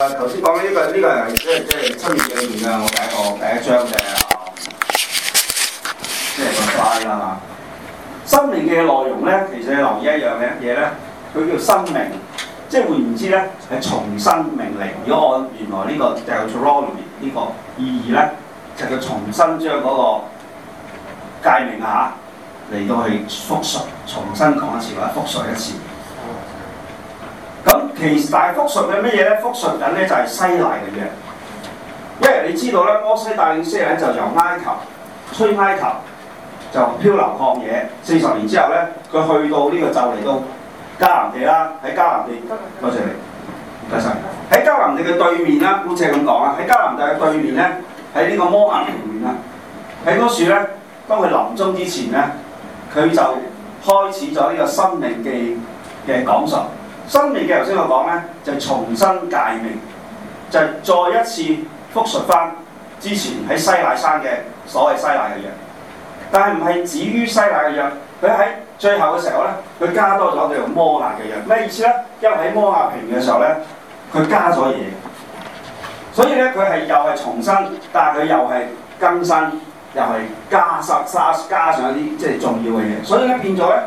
誒，頭先講呢個呢、這個係即係即係七月嘅面啊！我第一個第一章嘅，即係個 sign 嘛。申命嘅內容咧，其實係同依一樣嘅一嘢咧，佢叫申命，即係換言之咧係重新命令。如果按原來呢、這個 declaration 呢個意義咧，就佢重新將個誡命吓嚟到去復述，重新講一次或者復述一次。其實大複述嘅咩嘢咧？複述緊咧就係西奈嘅約，因為你知道咧，摩西帶領以色列就由埃及出埃及，就漂流曠野四十年之後咧，佢去到呢個就嚟到迦南地啦。喺迦南地，多謝你，唔該晒。喺迦南地嘅對面啦，姑且咁講啊，喺迦南地嘅對面咧，喺呢個摩押平原啦。喺嗰樹咧，當佢臨終之前咧，佢就開始咗呢個申命記嘅講述。生命嘅頭先我講咧，就是、重新解命，就是、再一次復述返之前喺西奈山嘅所謂西奈嘅約，但係唔係止於西奈嘅約，佢喺最後嘅時候咧，佢加多咗叫做摩押嘅約，咩意思咧？因為喺摩押平原嘅時候咧，佢加咗嘢，所以咧佢係又係重新，但係佢又係更新，又係加沙沙加上一啲即係重要嘅嘢，所以咧變咗咧。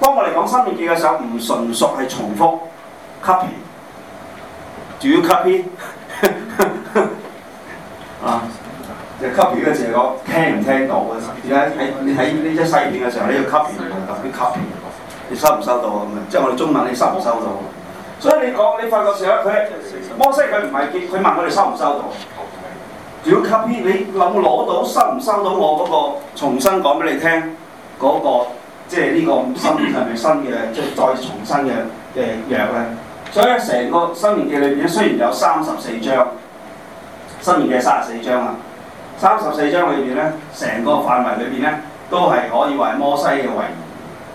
當我哋講申命記嘅時候，唔純屬係重複 copy，Do you copy 啊，你 copy 嘅時候講聽唔聽到嘅，而家喺你喺呢一西片嘅時候，你要 copy，特別 copy，你收唔收到咁啊？即係我哋中文你收唔收到？所以你講你發覺時候，佢摩西佢唔係見，佢問我哋收唔收到？Do you copy，你諗攞到收唔收到我嗰、那個重新講俾你聽嗰、那個？即係呢個新係咪新嘅即係再重新嘅嘅約咧？所以咧，成個新里《申命記》裏邊咧，雖然有三十四章，《申命記》三十四章啊，三十四章裏邊咧，成個範圍裏邊咧，都係可以話係摩西嘅遺言。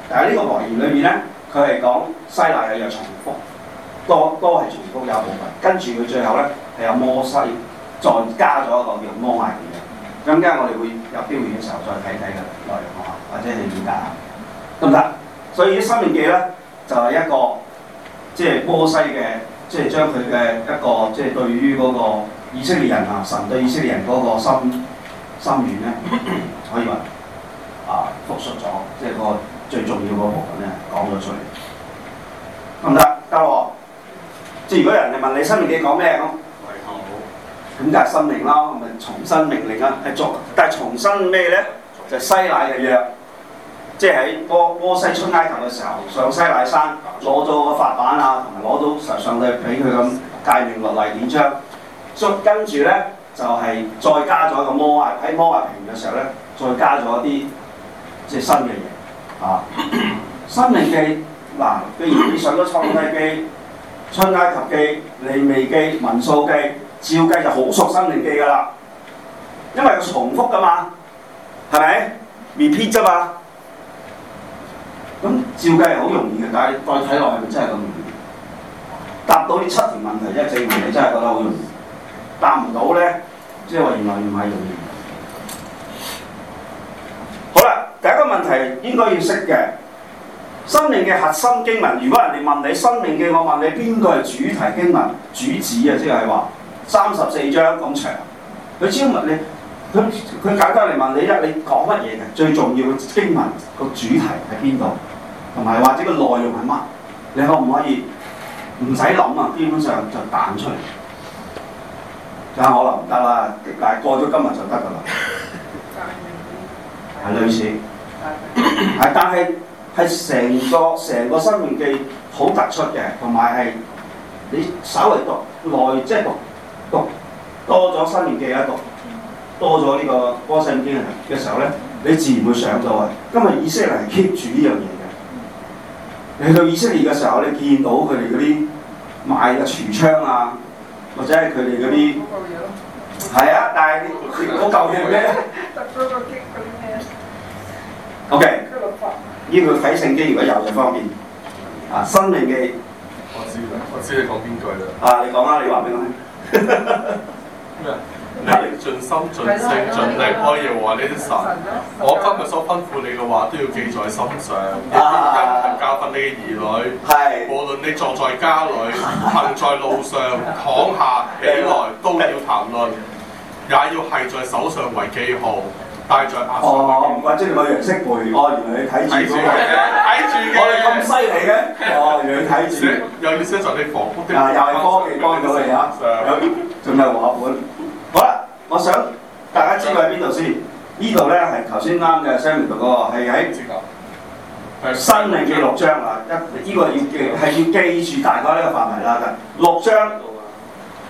但係呢個遺言裏邊咧，佢係講西乃嘅約重複，多多係重複有一部分。跟住佢最後咧係有摩西再加咗一個叫摩押嘅，咁而家我哋會有機會嘅時候再睇睇嘅內容啊，或者係表格。得唔得？所以啲申命記咧就係、是、一個即係波西嘅，即係將佢嘅一個即係對於嗰個以色列人啊，神對以色列人嗰個心心願咧，可以話啊復述咗，即係個最重要嗰部分咧講咗出嚟。得唔得？得喎。即係如果有人哋問你申命記講咩咁，為頭，咁就係申命咯，是是重新命令啊，係作，但係重新咩咧？就是、西乃嘅約。即係喺波摩西春埃及嘅時候，上西奈山攞咗個法版啊，同埋攞到神上帝俾佢咁界命落嚟點張。咁 跟住咧就係、是、再加咗一個摩亞，喺摩亞平嘅時候咧，再加咗一啲即係新嘅嘢 啊。新命記嗱，譬如你上咗創世記、春埃及記、你未記、文數記、照記，就好熟新命記噶啦，因為重複噶嘛，係咪 repeat 啫嘛？咁照計係好容易嘅，但係再睇落係咪真係咁容，容易？答到呢七條問題，即係證明你真係覺得好容易。答唔到咧，即係話原來唔係容易。好啦，第一個問題應該要識嘅，申命記嘅核心經文。如果人哋問你申命記，我問你邊個係主題經文、主旨啊？即係話三十四章咁長，佢只問你，佢佢簡單嚟問你一，你講乜嘢嘅？最重要嘅經文個主題喺邊度？同埋或者個內容係乜？你可唔可以唔使諗啊？基本上就彈出嚟就可能唔得啦。嗱，過咗今日就得噶啦，係類似係，但係係成個成個《申命記》好突出嘅，同埋係你稍微讀耐，即係、就是、讀讀多咗《申命記》一讀多咗呢個《波士頓經》嘅時候咧，你自然會想到啊。今日以色列 keep 住呢樣嘢。你去以色列嘅時候，你見到佢哋嗰啲賣嘅櫥窗啊，或者係佢哋嗰啲，係啊， 但係嗰舊嘢咧。OK，呢個睇聖經如果有就方便。啊，申命記。我知我知你講邊句啦。啊，你講啦，你話俾我聽。咩 啊？你盡心盡性盡力，可以話你啲神。我今日所吩咐你嘅話，都要記在心上，也要教訓，ah, 你嘅兒女。係是，無論你坐在家裏， 行在路上躺，躺下起來，都要談論，也要係在手上為記號，戴在額上。哦、啊，唔怪之你個楊式背。哦，原來你睇住嘅，睇住我哋咁犀利嘅。哦，你睇住。有意思神的防。啊，又係幫幫到你啊！有仲係畫本。 好啦，我想大家知道喺邊度先？呢度咧係頭先啱嘅，相同嗰個係喺申命記六章啊！一、這、呢個要記係要記住大概呢個範圍啦，就六章，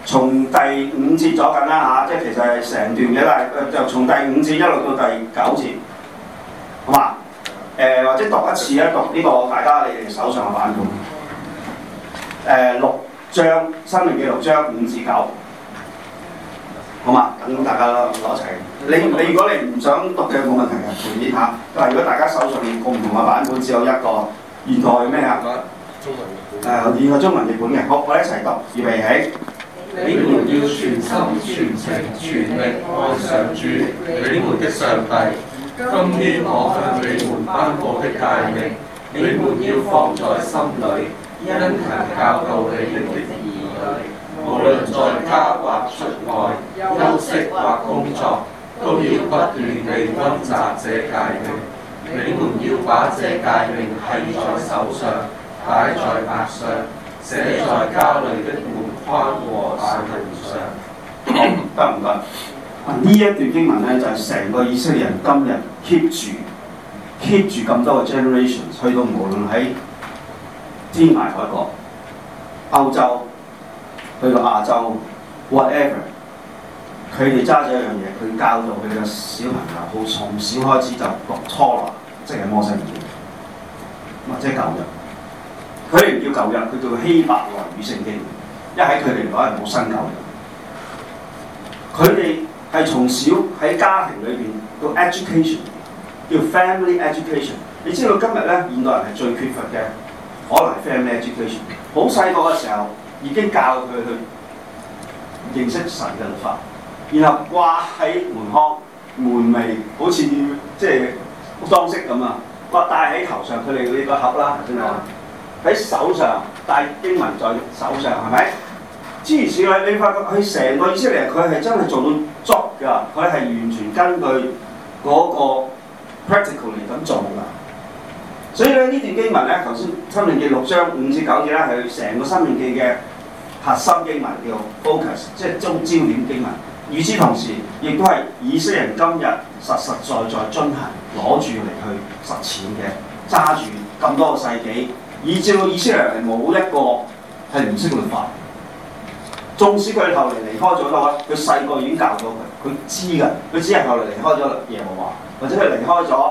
從第五節左近啦嚇，即係其實係成段嘅啦，就從第五節一路到第九節，好嘛？誒、呃、或者讀一次咧，讀呢、這個大家你哋手上嘅版本。誒、呃、六章申命記六章五至九。好嘛，噉大家攞一齊。你你如果你唔想讀嘅冇問題嘅，隨便嚇。但係如果大家手上面共同嘅版本只有一個，現代咩啊？中文譯本。現代中文譯本嘅，好，我哋一齊讀，預備起。你們要全心全情全力愛上主，你們的上帝。今天我向你們頒布的誡命，你們要放在心裏，心裡因神教導你，你們的兒女，無論在家或出外。休息或工作都要不斷地温習這誡命。你們要把這誡命係在手上，戴在額上，寫在家裏的門框和大門上。得唔得？呢咳咳、嗯、一段經文咧，就係成個以色列人今日 keep 住，keep 住咁多個 generation 去到無論，無論喺天涯海角、歐洲、去到亞洲，whatever。佢哋揸咗一樣嘢，佢教導佢嘅小朋友，好從小開始就讀《初來》，即係《摩西記》或者，唔係即係舊約。佢哋唔叫舊約，佢叫《希伯來語聖經》因為，一喺佢哋嚟講係冇新舊約。佢哋係從小喺家庭裏邊個 education 叫 family education。你知道今日咧現代人係最缺乏嘅，可能係 family education。好細個嘅時候已經教佢去認識神嘅律法。然後掛喺門框、門楣，好似即係裝飾咁啊！掛戴喺頭上，佢哋呢個盒啦，喺的手上戴經文在手上係咪？諸如此類，你發覺佢成個以色列佢係真係做到 job 㗎，佢係完全根據嗰個 practical 嚟咁做㗎。所以咧呢段經文咧，頭先《申命記》六章五至九節咧，係成個《申命記》嘅核心經文叫 focus，即係中焦點經文。與此同時，亦都係以色列人今日實實在在進行攞住嚟去實踐嘅，揸住咁多個世紀。以至到以色列人，冇一個係唔識律法。縱使佢後嚟離開咗啦，佢細個已經教咗佢，佢知㗎。佢只係後嚟離開咗耶和華，或者佢離開咗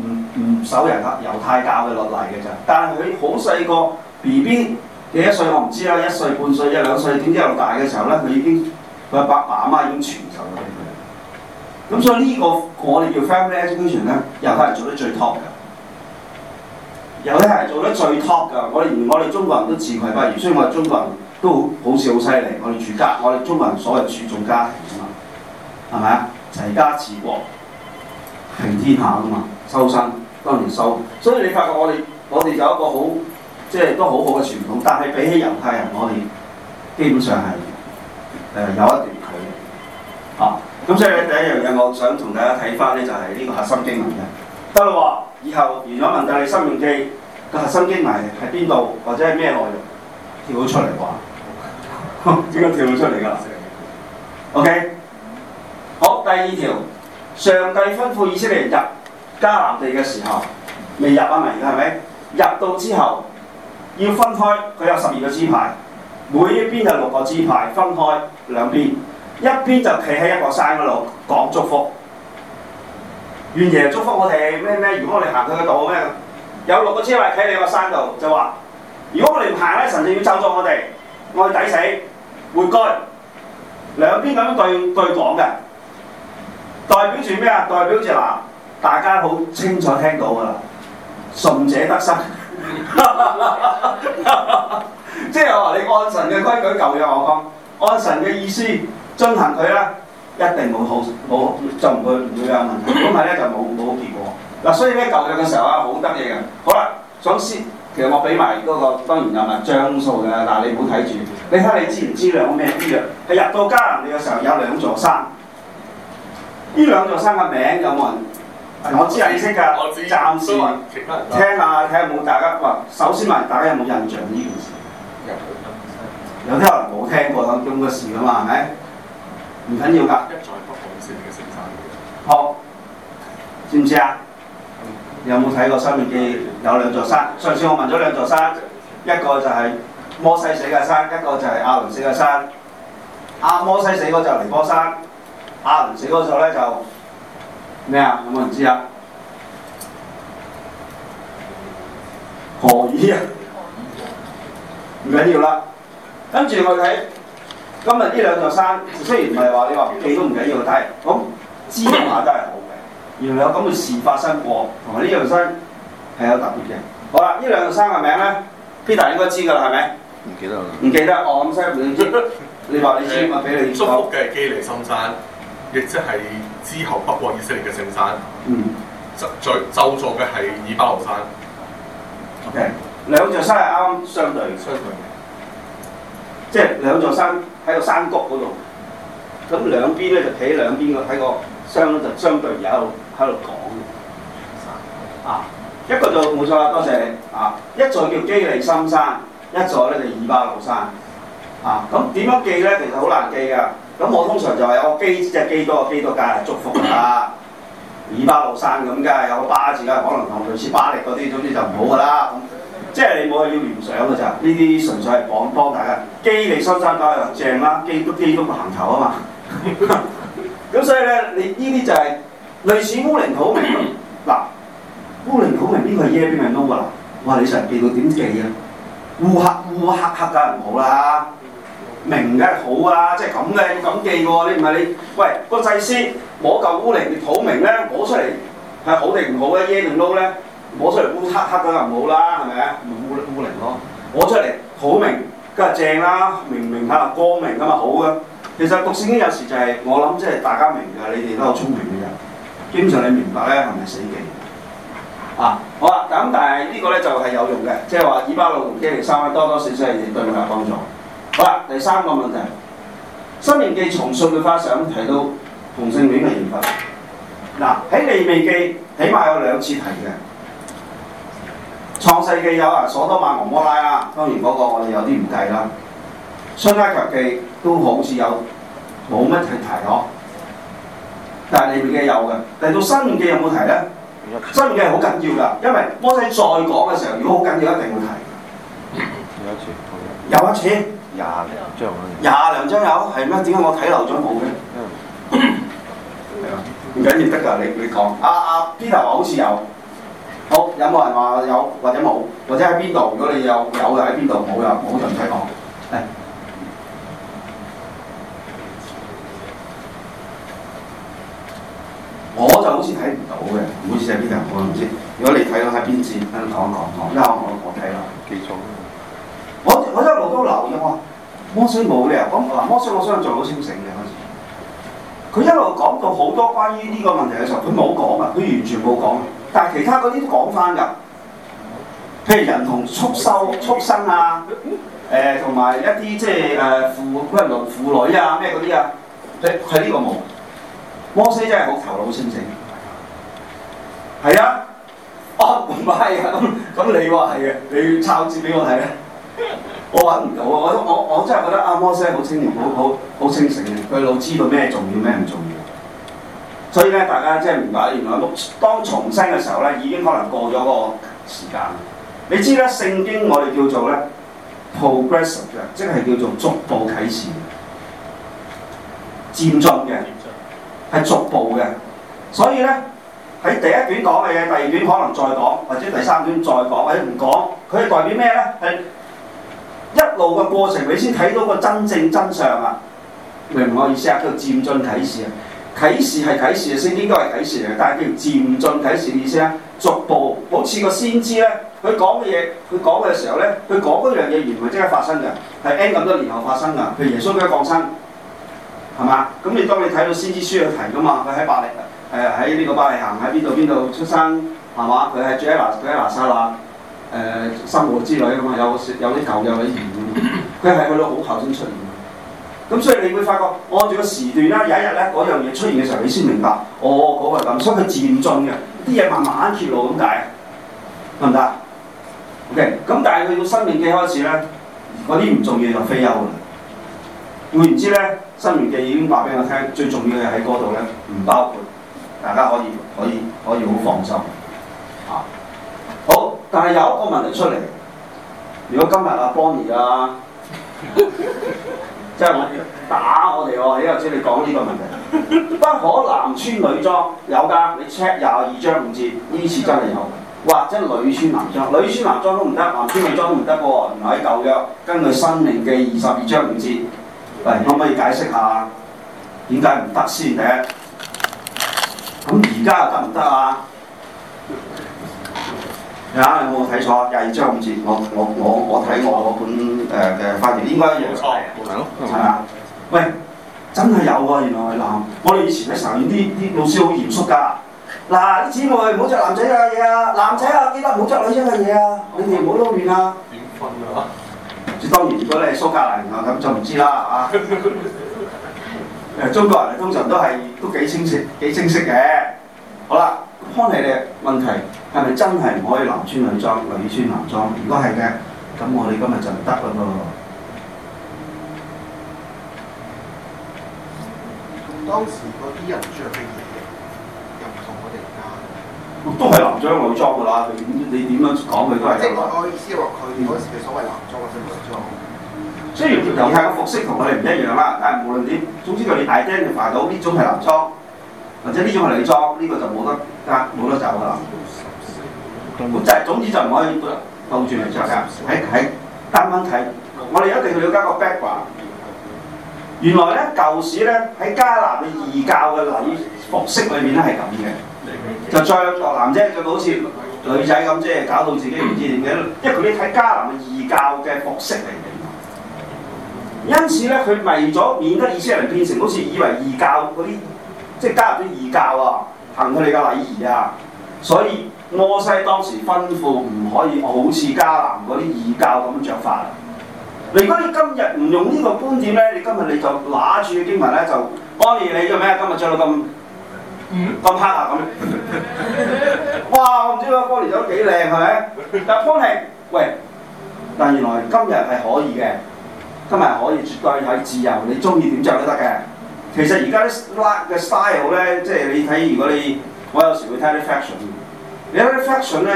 唔唔守人客猶太教嘅落嚟嘅咋。但係佢好細個，B B 幾多歲我唔知啦，一歲半歲一兩歲，點知又大嘅時候咧，佢已經。佢阿爸阿媽已經傳授咗俾佢，咁所以呢個我哋叫 family education 咧，猶太人做得最 top 嘅，猶太人做得最 top 嘅。我哋我哋中國人都自愧不如，雖然我哋中國人都好似好犀利，我哋住家，我哋中國人所謂注重家庭吖嘛，係咪啊？齊家治國平天下㗎嘛，修身。當然修，所以你發覺我哋我哋就有一個好，即係都好好嘅傳統，但係比起猶太人，我哋基本上係。誒有一段距離，啊！咁所以第一樣嘢，我想同大家睇翻咧，就係呢個核心經文嘅，得啦以後完咗《民達利申命記》嘅核心經文喺邊度，或者係咩內容跳咗出嚟啩？點 解跳咗出嚟㗎？OK，好，第二條，上帝吩咐以色列人入迦南地嘅時候，未入啊嘅係咪？入到之後要分開，佢有十二個支派。每一邊有六個支派，分開兩邊，一邊就企喺一個山嗰度講祝福，願耶祝福我哋咩咩。如果我哋行佢嘅道咩，有六個支派企喺個山度就話，如果我哋唔行，神就要咒詛我哋，我哋要抵死活該。兩邊咁樣對對講嘅，代表住咩啊？代表住嗱，大家好清楚聽到㗎喇，順者得生。 即係我話你按神嘅規矩舊約我講，按神嘅意思進行佢咧，一定冇好冇就唔會唔會有問題。咁但係咧就冇冇結果。嗱、啊，所以咧舊約嘅時候啊，好得意嘅。好啦，那個啊啊啊，首先，其實我俾埋嗰個當然有埋張數嘅，但係你唔好睇住。你睇下你知唔知兩個咩啲啊？係入到迦南地嘅時候有兩座山，呢兩座山嘅名有冇人？我知你識㗎，暫時聽下睇下有冇大家。嗱，首先問大家有冇印象呢件事？有啲人冇聽過咁咁嘅事噶嘛，係咪？唔緊要噶。好，知唔知啊？有冇睇過《申命記》？有兩座山。上次我問咗兩座山，一個就係摩西死嘅山，一個就係阿倫死嘅山。阿、啊、摩西死嗰座尼波山，阿倫死嗰時候咧就咩啊？有冇人知啊？何珥啊！唔緊要啦，跟住我睇今日呢兩座山，雖然唔係話你話記都唔緊要， 但係咁知下都係好嘅。原來有咁嘅事發生過，同埋呢兩山係有特別嘅。好啦，兩呢兩座山嘅名咧，Peter 應該知噶啦，係咪？唔記得啦。唔記得，我咁犀利，你話你知，俾 你。祝福嘅係基利心山，亦即係之後北國以色列嘅聖山。嗯。咒詛咒詛嘅係以巴路山。O K。兩座山係啱啱相對，相對嘅，即係兩座山喺個山谷嗰度，咁兩邊咧就企喺兩邊個喺個相就相對。而家喺度講嘅，啊，一個就冇錯啦，多謝你，啊，一座叫基利心山，一座咧就以巴路山，啊，咁點樣記咧？其實好難記嘅，咁我通常就係我即就基多，基督教嚟祝福㗎啦，以巴路山咁，梗係有個巴字啦，可能同類似巴力嗰啲，總之就唔好㗎啦。嗯即係你冇又要聯想㗎咋？呢啲純粹係講幫大家，基利山山教又正啦，基都基都唔行頭啊嘛。咁 所以咧，你呢啲就係類似烏靈土明嗱，烏靈土明邊個係耶邊個係 no 啊？哇！你成日記到點記啊？烏黑烏黑黑梗係唔好啦，明梗係好啦，啊，即係咁嘅要咁記喎。你唔係你，你，喂個祭司，摸嚿烏靈土明咧，攞出嚟係好定唔好咧？耶定 no 咧？摸出嚟烏黑黑咁又唔好啦，係咪啊？烏烏靈咯，攞出嚟好明，梗係正啦，明唔明睇落光明咁咪好啊。其實讀《聖經》有時就係、是，我諗，即係大家明㗎，你哋都係聰明嘅人，基本上你明白咧係咪死記啊？好啦，咁但係呢個咧就係有用嘅，即係話以巴路同基利心咧多多少少係對你有幫助。好啦，第三個問題，《申命記》從《順桂花賞》提到同性戀嘅現象，嗱、啊、喺《利未記》起碼有兩次提嘅。創世記有啊，所多瑪和摩拉啊，當然嗰個我哋有啲唔計啦。出埃及記都好似有，冇乜提到。但係裏邊嘅有嘅，但係到申記有冇提咧？嗯、申記係好緊要㗎，因為摩西再講嘅時候，如果好緊要，一定會提。有一次，有一次，廿零章啊，廿零章有，係咩？點解我睇漏咗冇嘅？唔緊要得㗎，你你講，啊啊 Peter 話好似有。好，有冇人話有或者冇，或者喺邊度？如果你有，有就喺邊度；冇就冇就唔使講。誒，我就好似睇唔到嘅，唔好意思喺邊度，我唔知。如果你睇到喺邊節，誒講講講，因為我我睇咯，記錯我我一路都留意我摩西冇理由，咁嗱摩西我相信好清醒嘅嗰時，佢一路講到好多關於呢個問題嘅時候，佢冇講啊，佢完全冇講。但係其他嗰啲都講翻㗎，譬如人同畜收畜生啊，誒同埋一啲即係誒婦軍婦女啊，咩嗰啲啊，喺喺呢個冇。摩西真係好頭腦清醒，係、哦、啊，哦唔係啊，咁咁你話係啊，你抄字俾我睇啊。我揾唔到啊，我我我真係覺得阿、啊、摩西好清醒，好好好清醒嘅，佢老知道咩重要咩唔重要。所以咧，大家即係明白原來當重生嘅時候咧，已經可能過咗嗰個時間。你知啦，《聖經》我哋叫做咧 progressive，即係叫做逐步啟示，漸進嘅，係逐步嘅。所以咧，喺第一卷講嘅嘢，第二卷可能再講，或者第三卷再講，或者唔講，佢係代表咩咧？係一路個過程，你先睇到個真正真相啊！明唔明我意思啊？叫漸進啟示啊！啟示係啟示嘅先，星星應該係啟示嚟嘅，但係叫如漸進啟示咩意思咧？逐步好似個先知咧，佢講嘅嘢，佢講嘅時候咧，佢講嗰樣嘢，原唔係即刻發生嘅，係 n 咁多年後發生㗎。譬如耶穌嘅降生，係嘛？咁你當你睇到先知書有提㗎嘛？佢喺伯利誒喺呢個伯利恆喺邊度邊度出生係嘛？佢喺住喺拿佢喺拿撒勒誒、呃、生活之類㗎嘛？有有啲舊嘅語言，佢係去到好後先出現。咁所以你會發覺，按住個時段啦，有一日咧嗰樣嘢出現嘅時候，你先明白，哦，嗰、嗰個咁，所以佢漸進嘅，啲嘢慢慢揭露咁解，得唔得？OK，咁但係去到申命記開始咧，嗰啲唔重要就非休啦。換言之咧？申命記已經話俾我聽，最重要嘅喺嗰度咧，唔包括，大家可以可以可以好放心。啊，好，但係有一個問題出嚟，如果今日阿 Bonny 啊？ 即係打我哋喎、哦，而家先你講呢個問題，不 可男穿女裝有㗎，你 check 廿二章五節，呢次真係有。或者女穿男裝，女穿男裝都唔得，男穿女裝都唔得噃，唔喺舊約，根據申命記二十二章五節，喂，可唔可以解釋下點解唔得先嘅？咁而家又得唔得啊？係啊！你有冇睇錯？廿二章五節，我我我我睇我本誒嘅翻譯，應該一樣係咪？係咪、哦、啊？嗯、喂，真係有啊！原來係男、呃。我哋以前咧成日啲啲老師好嚴肅㗎。嗱、呃，啲姊妹唔好着男仔嘅嘢啊，男仔啊記得唔好着女仔嘅嘢啊。咁哋唔好撈亂啊！點分㗎？即係當然，如果你係蘇格蘭人啊，咁就唔知啦啊。誒，中國人通常都係都幾清晰幾清晰嘅。好啦。好康嚟嘅問題係咪真係唔可以男穿女裝、女穿男裝？如果係嘅，咁我哋今日就唔得啦噃。咁當時嗰啲人着嘅嘢又唔同我哋㗎。都係男裝女裝㗎啦，你點你點樣講佢都係。即係我意思話，佢哋嗰時嘅所謂男裝或者女裝，雖然而家嘅服飾同我哋唔一樣啦，但係無論點，總之就你大聲就話到呢種係男裝。或者呢種係女裝，呢、這個就冇得冇得走噶啦。咁就係總之就唔可以倒轉嚟著啦。喺喺 單單睇，我哋一定要瞭解個 background。原來咧舊時咧喺迦南嘅異教嘅禮服飾裏面咧係咁嘅，就着落男仔，就好似女仔咁即係，搞到自己唔知點解。因為佢哋睇迦南異教嘅服飾嚟嘅，因此咧佢為咗免得以色列人變成好似以為異教嗰啲。即係加入啲異教啊，行佢哋嘅禮儀啊，所以摩西當時吩咐唔可以好似迦南嗰啲異教咁着法。如果你今日唔用呢個觀點咧，你今日你就揦住經文咧就安妮，嗯、你做咩今日着到咁嗯咁黑啊咁， 哇！我唔知啊，安妮著得幾靚係咪？ 但係方婷喂，但係原來今日係可以嘅，今日可以絕對係自由，你中意點着都得嘅。其實而家啲 look 嘅 style 咧，即係你睇，如果你我有時會睇啲 fashion，你睇啲 fashion 咧，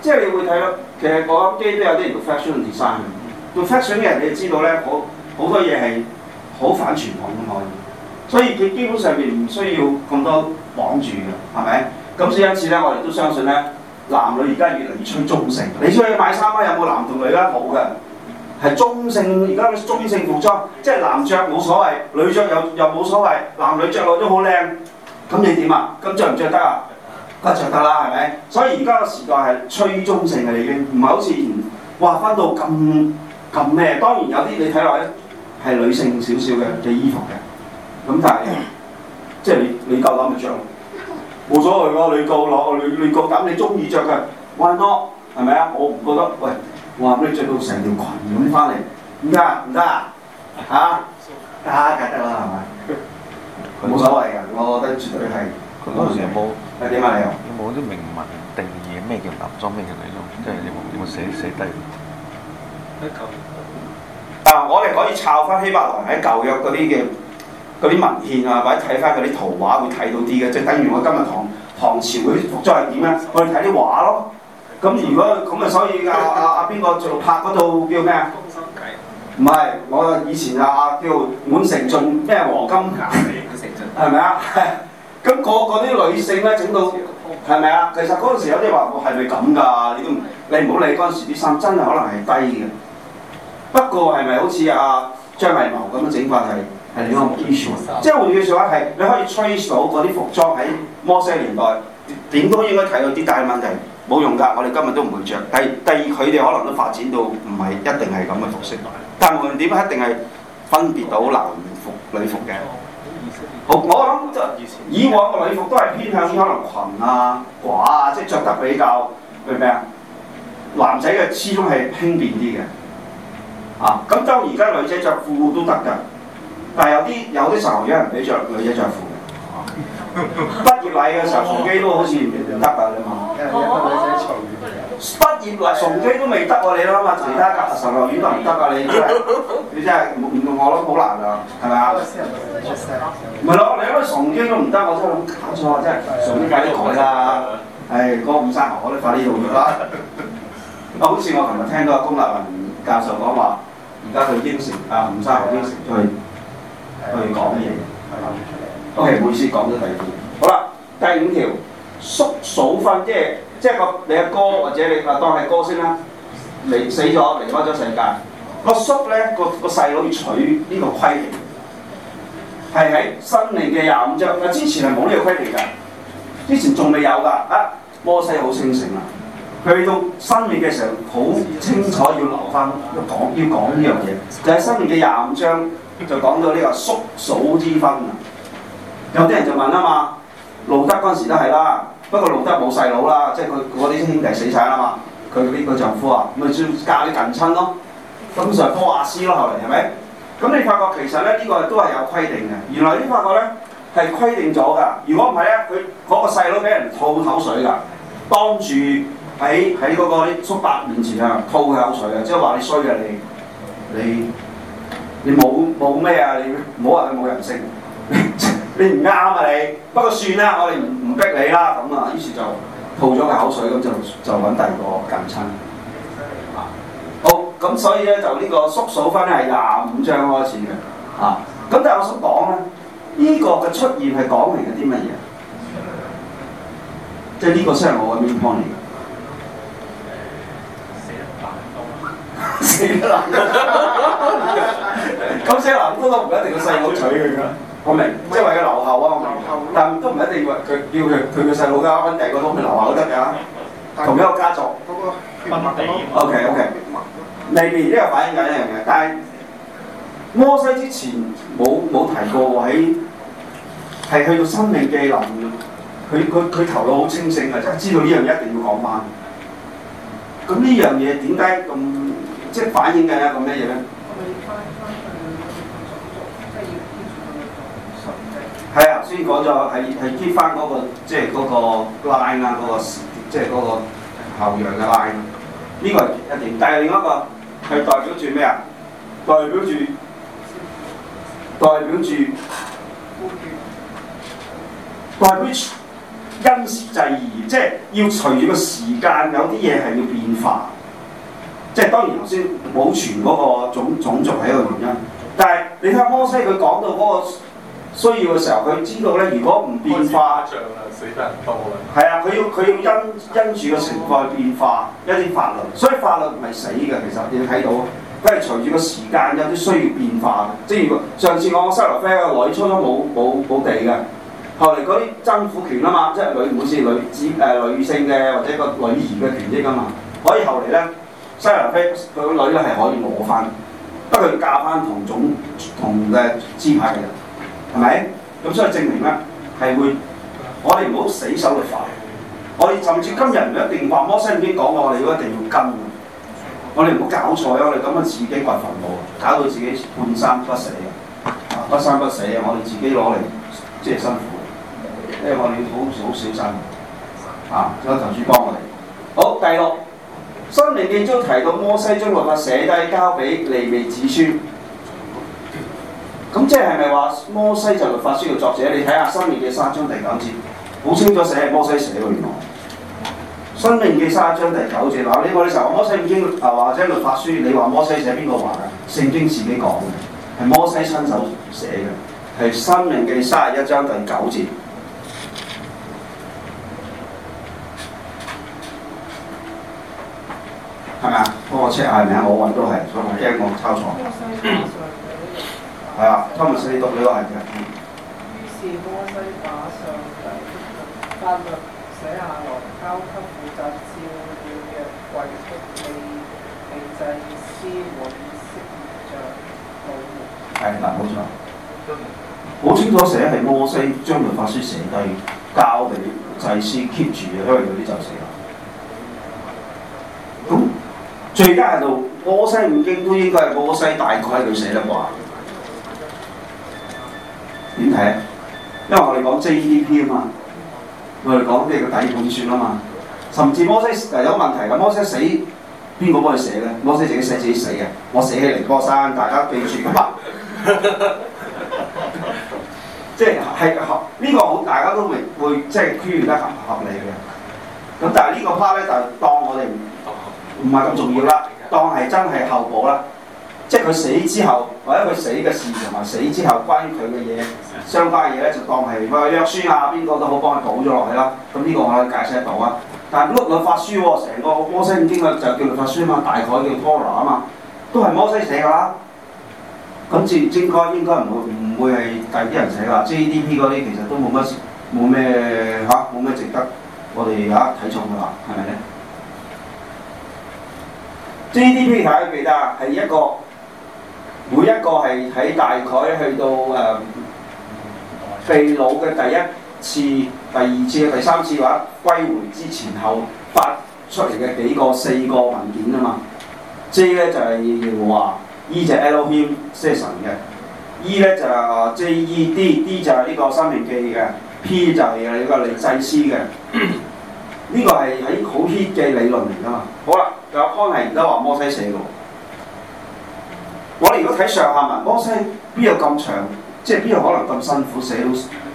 即係你會睇咯。其實講機都有啲人做 fashion design 嘅，做 fashion 嘅人你知道咧，好好多嘢係好反傳統嘅，所以佢基本上邊唔需要咁多綁住嘅，係咪？咁所以因此咧，我哋都相信咧，男女而家越嚟越趨中性。 你出去買衫啊，有冇男同女啊？冇㗎。係中性，而家嘅中性服裝，即係男著冇所謂，女著又又冇所謂，男女著落都好靚。咁你點啊？咁著唔著得啊？梗係著得啦，係咪？所以而家嘅時代係趨中性嚟嘅，唔係好似以前。哇，分到咁咁咩？當然有啲你睇落咧係女性少少嘅嘅衣服嘅，咁但係即係你你夠膽咪著，冇所謂喎。你夠攞，你你夠膽，你中意著嘅，Why not？係咪啊？我唔覺得，喂。我話：唔着到成條裙咁翻嚟，唔得唔得啊！嚇，梗係得啦，係咪？冇所謂噶，我覺得絕對係佢嗰陣時冇，冇啲明文定義咩叫男裝，咩叫女裝，即係你冇有冇寫寫低？但我哋可以抄翻希伯來喺舊約嗰啲嘅嗰啲文獻啊，或者睇翻嗰啲圖畫會睇到啲嘅，即係等於我今日唐唐朝嗰啲服裝係點啊？我哋睇啲畫咯。咁如果咁、嗯、啊，所以阿阿阿邊個做拍嗰套叫咩啊？唔、啊、係，我以前阿阿叫滿城盡咩黃金甲，係咪啊？咁嗰啲女性咧，整到係咪啊？其實嗰陣時有啲話，我係咪咁㗎？你都唔，你唔好理嗰陣時啲衫，真係可能係低嘅。不過係咪好似阿、啊、張藝謀咁樣整法係係呢個衣著問題？即係換句話講，係你可以 trace 到嗰啲服裝喺摩西年代點都應該睇到啲大問題。冇用㗎，我哋今日都唔會著。第第二，佢哋可能都發展到唔係一定係咁嘅服飾，但無論點一定係分別到男服、女服嘅。好，我諗以往個女服都係偏向可能裙啊、褂啊，即著得比較，明唔明啊？男仔嘅始終係輕便啲嘅，啊，咁當而家女仔著褲都得㗎，但係有啲有啲時候有人會著，有人著褲。 畢業禮嘅時候，崇基都好似唔得啊！你問，因為崇基畢業禮崇基都未得過！你啦嘛，其他教授，落雨都唔得啊！你真係你真係，我諗好難啊，係咪啊？唔係咯，你因為崇基都唔得，我真係諗搞錯啊！真係崇基界都改啦。係、哎，嗰五山學，我、哎、哋快啲用完啦。啊，好似我琴日聽到阿龔立文教授講話，而家佢應承啊，五山學應承去 去講嘢。都係、okay, 每次講到第二條，好啦，第五條叔嫂分，即係即係個你阿哥或者你當係哥先啦，你死咗離開咗世界，叔呢弟弟個叔咧個個細佬要娶呢個規矩，係喺新年嘅廿五章，之前係冇呢個規矩㗎，之前仲未有㗎，啊摩西好清醒啊，去到新年嘅時候好清楚要留翻要講要講呢樣嘢，就喺、是、新年嘅廿五章就講到呢、這個叔嫂之分啊。有啲人就問啊嘛，路德嗰陣時都係啦，不過路德冇細佬啦，即係佢嗰啲兄弟死晒啦嘛，佢呢佢丈夫啊咪算嫁你近親咯，咁就係波阿斯咯後嚟係咪？咁你發覺其實咧呢、這個都係有規定嘅，原來啲發覺咧係規定咗㗎，如果唔係咧佢嗰個細佬俾人吐口水㗎，當住喺喺嗰個啲叔伯面前啊吐口水啊，即係話你衰嘅你你你冇冇咩啊？你唔好話佢冇人性。 你唔啱啊！你不過算啦，我哋唔唔逼你啦咁啊。於是就吐咗個口水咁，就 source, 就揾第二個近親啊。好咁，所以咧就呢、呢個叔嫂分係廿五章開始嘅啊。咁但係我想講咧，呢個嘅出現係講明咗啲乜嘢？即係呢個先號係邊方嚟嘅？寫男東，寫咁寫男東，我一唔 casino 一,一定要細佬娶佢噶。一半我明，即係為佢留後啊！後但都唔一定要佢叫佢佢佢細佬家，揾第二個當佢留下都得㗎，同一個家族。嗰個秘密。O K O K，裏面都有反映緊一樣嘢。但係摩西之前冇冇提過喺係去到生命技能，佢佢佢頭腦好清醒㗎，就知道呢樣嘢一定要講翻。咁呢樣嘢點解咁，即係反映緊一個咩嘢咧？係 啊，先講咗係係接翻嗰個即係嗰個 line 啊，嗰個即係嗰個後揚嘅 line。呢個係一點，但係另一個係代表住咩啊？代表住代表住代表因時制宜，即係要隨住個時間有啲嘢係要變化。即係當然頭先保存嗰個種種族係一個原因，但係你睇下摩西佢講到嗰個。需要嘅時候，佢知道咧，如果唔變化，死得人多啦。係啊，佢要佢要因因住個情況去變化一啲法律，所以法律唔係死嘅，其實你睇到啊，因為隨住個時間有啲需要變化嘅。即係如果上次我西羅非個女春都冇冇冇地嘅，後嚟嗰啲爭婦權啊嘛，即係女每次女士、呃、女子誒女性嘅或者個女兒嘅權益啊嘛，所以後嚟咧西羅非佢個女咧係可以攞翻，不過佢嫁翻同種同嘅支派嘅人。係咪？咁所以證明咧，係會我哋唔好死守律法。我哋甚至今日唔一定話摩西已經講過，我哋都一定要跟。我哋唔好搞錯我哋咁樣，自己掘墳墓，搞到自己半生不死啊！不生不死，我哋自己攞嚟，即係辛苦。因為我哋好好小心啊！有神主幫我哋。好，第六，申命記中提到摩西將律法寫低，交俾利未子孫。咁即係咪話摩西就律法書嘅作者？你睇下《申命記》三章第九節，好清楚寫係摩西寫嘅。原來《申命記》三章第九節，嗱，呢個咧就《摩西五經律法》啊，或者律法書，你話摩西寫邊個話啊？聖經自己講嘅，係摩西親手寫嘅，係《申命記》三十一章第九節，係咪啊？幫我 check 下名，我揾到係，所以我驚抄錯。係啊，他們四讀呢個係嘅。於是摩西把上帝的法律寫下來，交給負責照著約櫃的祭司們，説著：，每。係，嗱，冇錯。好清楚寫係摩西將律法書寫低，交俾祭司 keep 住嘅，因為有啲就寫啦。咁、嗯，最低限度，摩西五經都應該係摩西大概佢寫得啩。點睇？因為我哋講 JDP 啊嘛，我哋講呢個底本算啊嘛，甚至摩西誒有問題嘅，摩西死邊個幫佢寫咧？摩西自己寫自己死嘅，我寫起尼波山，大家記住嘅嘛，即係係合呢個好，大家都明會即係區別得合合理嘅。咁但係呢個 part 咧就係、當我哋唔唔係咁重要啦，當係真係後補啦。即係佢死之後，或者佢死嘅事同埋死之後關於佢嘅嘢相關嘅嘢咧，就當係哇約書亞，邊個都好幫佢補咗落去啦。咁、這、呢個我可以解釋得到啊。但係《律法書》成個摩西呢個就叫律法書嘛，大概叫《l o 托拉》啊嘛，都係摩西寫噶啦。咁至應該應該唔會唔會係第二啲人寫㗎。GDP 嗰啲其實都冇乜冇咩嚇冇咩值得我哋啊睇重㗎啦，係咪咧？GDP 大家記得係一個。每一個係喺大概去到誒、呃、被攞嘅第一次、第二次、第三次嘅話歸回之前後發出嚟嘅幾個、四個文件啊嘛。J 咧就係、是、話、e e、呢 e Lion Jason 嘅，E 咧就係、是、J E D D 就係呢個三明記嘅，P 就係呢個靈祭師嘅。呢咳咳、這個係喺好 hit 嘅理論嚟㗎。好啦，個方係而家話摩西寫㗎。我哋如果睇上下文，摩西邊有咁長，即係邊有可能咁辛苦寫到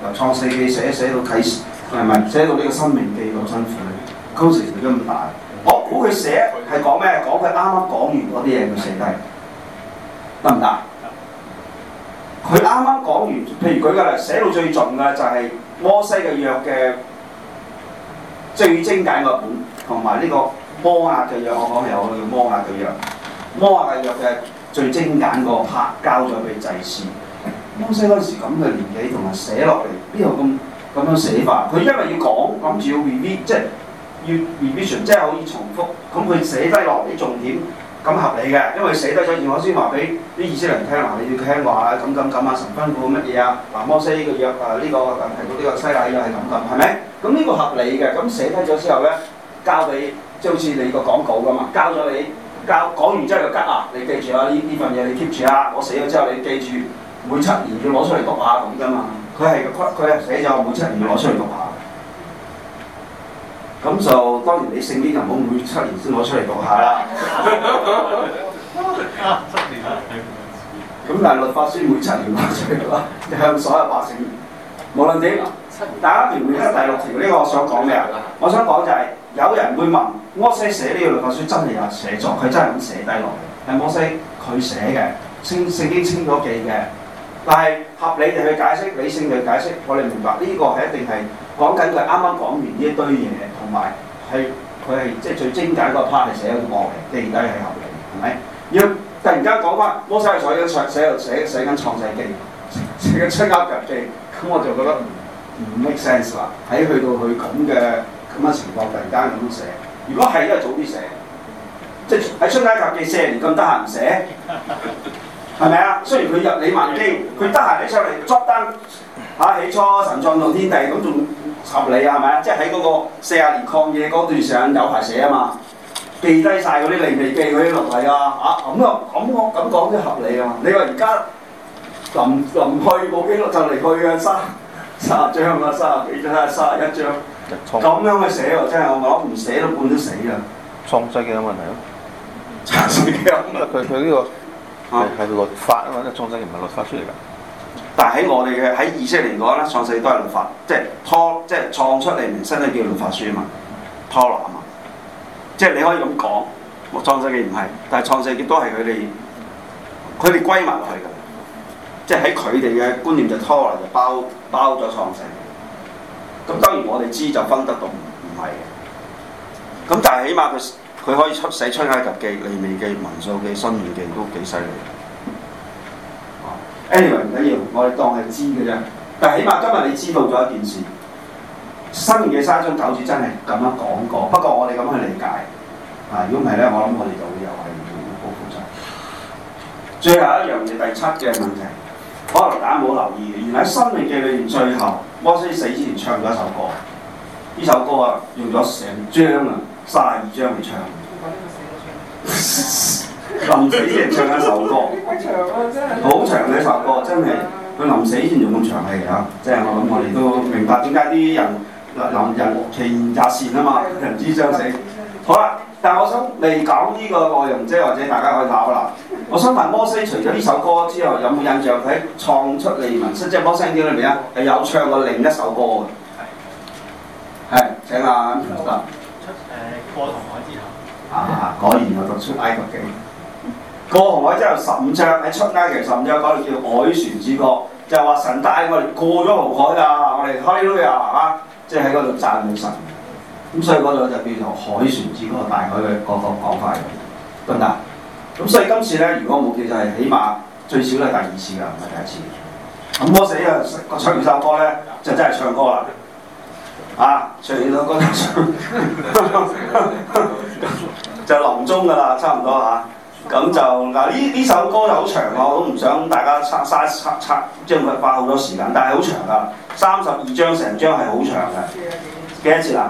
由創世記寫寫到啟示，係咪寫到呢個申命記咁辛苦咧？篇幅咁大，我估佢寫係講咩？講佢啱啱講完嗰啲嘢就寫低，得唔得？佢啱啱講完，譬如舉個例，寫到最重嘅就係摩西嘅約嘅最精簡嘅本，同埋呢個摩亞嘅約，我講有個叫摩亞嘅約，摩亞嘅約嘅。最精簡個拍交咗俾祭司。摩西嗰陣時咁嘅年紀，同埋寫落嚟邊有咁咁樣寫法？佢因為要講，咁自然要 repeat，即係要 repeat，即係可以重複。咁佢寫低落嚟啲重點，咁合理嘅，因為寫低咗然後，我先話俾啲以色列人聽話，你要聽話啊，咁咁咁啊，神吩咐乜嘢啊？嗱，摩西呢個約啊，呢個啊提到呢個西乃呢個係咁咁，係咪？咁呢個合理嘅，咁寫低咗之後咧，交俾即係好似你個廣告咁啊，交咗你。教講完之後就吉啊，你記住啦，呢呢份嘢你 keep 住啊。我死咗之後，你記住每七年要攞出嚟讀下咁嘅嘛。佢係個規，佢係死咗每七年要攞出嚟讀下。咁就當然你聖經就唔好每七年先攞出嚟讀下啦。七咁 但係律法書每七年攞出嚟啦，向所有百姓，無論點，大家明白啦。第六條呢、這個我想講咩啊？我想講就係、是、有人會問。摩西寫呢個律法書真係有寫作，佢真係咁寫低落嚟。係摩西佢寫嘅，清聖經清咗記嘅。但係合理地去解釋，理性地去解釋，我哋明白呢個係一定係講緊佢啱啱講完呢一堆嘢，同埋係佢係即係最精簡個 part 嚟寫咗啲嘢嚟，記低係合理嘅，係咪？要突然間講翻摩西又再要寫寫又寫寫緊創世記，寫緊出埃及記，咁我就覺得唔 make sense 啦。喺去到佢咁嘅咁嘅情況，突然間咁寫。如果係都係早啲寫，即係喺春街求記四十年咁得閒唔寫，係咪啊？雖然佢入你萬機，佢得閒起出嚟執單，嚇、啊、起初神創造天地咁仲合理啊？係咪啊？即係喺嗰個四十年曠野嗰段上有排寫啊嘛，記低晒嗰啲你未記嗰啲落嚟㗎啊？咁咯，咁講咁講都合理啊？你話而家臨臨去冇幾，幾，幾，幾多，就嚟去三三十張啦，三十幾張啦，三十一張。咁樣去寫喎，真係我唔寫都半都死啊！創世紀有問題咯，佢佢呢個係係律法啊嘛，即係創世紀唔係律法書嚟㗎。但係喺我哋嘅喺意識嚟講咧，創世紀都係律法，即係拖，即係創出嚟唔新嘅叫律法書啊嘛，拖拿啊嘛，即係你可以咁講，創世紀唔係，但係創世紀都係佢哋佢哋歸埋落去㗎，即係喺佢哋嘅觀念就拖拿就包包咗創世。咁當然我哋知就分得到，唔唔係嘅。咁但係起碼佢佢可以寫出寫《出埃及記》、《利未記》、《民數記》、《申命記》都幾犀利。anyway 唔緊要，我哋當係知嘅啫。但係起碼今日你知道咗一件事，新嘅沙宗九子真係咁樣講過。不過我哋咁樣去理解。啊，如果唔係咧，我諗我哋就會又係唔好負責。最後一樣嘢，第七嘅問題，可能大家冇留意，嘅，原來喺《申命記》裏面最後。摩西、啊、死之前唱咗一首歌，呢首歌啊用咗成章啊三十二章嚟唱。 臨死之前唱一首歌，好 長嘅一首歌，真係佢 臨死之前仲咁長氣啊！即係我諗，我哋都明白點解啲人臨人，人，人其言也善啊嘛，人之將死。好啦，但係我想未講呢個內容，即係或者大家可以攪啦。 我想問摩西，除咗呢首歌之後，有冇印象佢喺創、出、利、民、申，即係摩西五經裏邊咧，係有唱過另一首歌嘅？係係是，請啊，咁出、呃、過紅海之後，啊啊，果然我就出埃及記。 過紅海之後十五章喺出埃及十五章嗰度叫凱旋之歌，就話神帶我哋過咗紅海啦，我哋開路啊即係喺嗰度讚美神。咁所以嗰種就叫做海船子嗰個大海嘅嗰個講法，咁啊！咁所以今次呢，如果冇記就係，起碼最少都係第二次啦，唔係第一次。咁我死啊！唱完首歌呢，就真係唱歌啦，啊！唱完首歌就臨終噶啦，差唔多嚇。咁就嗱呢呢首歌就好長啊，我都唔想大家嘥嘥嘥將佢花好多時間，但係好長噶，三十二張成張係好長嘅，幾多次嗱？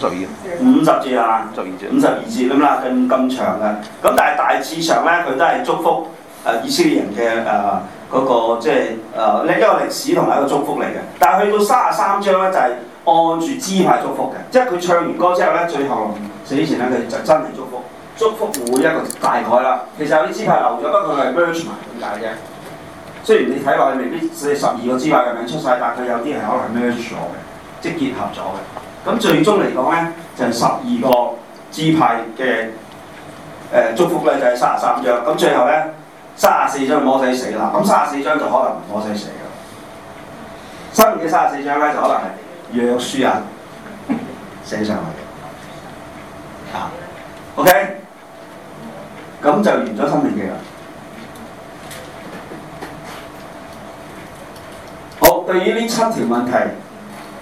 五十節啊，五十二節咁啦，咁咁長嘅。咁但係大致上咧，佢都係祝福誒、呃、以色列人嘅誒嗰個即係呢、呃、一個歷史同埋一個祝福嚟嘅。但係去到三十啊三章咧，就係、是、按住支派祝福嘅，即係佢唱完歌之後咧，最後死以前咧，佢就真係祝福祝福每一個大概啦。其實有啲支派留咗，不過係 merge 埋咁解啫？雖然你睇落去未必四十二個支派入面出曬，但佢有啲係可能 merge 咗嘅，即、就、係、是、結合咗嘅。咁最終嚟講咧，就係十二個支派嘅誒祝福咧，就係三十三章。咁最後咧，三十四章摩西死啦。咁三十四章就可能唔摩西死啦。申命記三十四章咧，就可能係約書亞寫上去啊，OK，咁就完咗申命記啦。好，對於呢七條問題。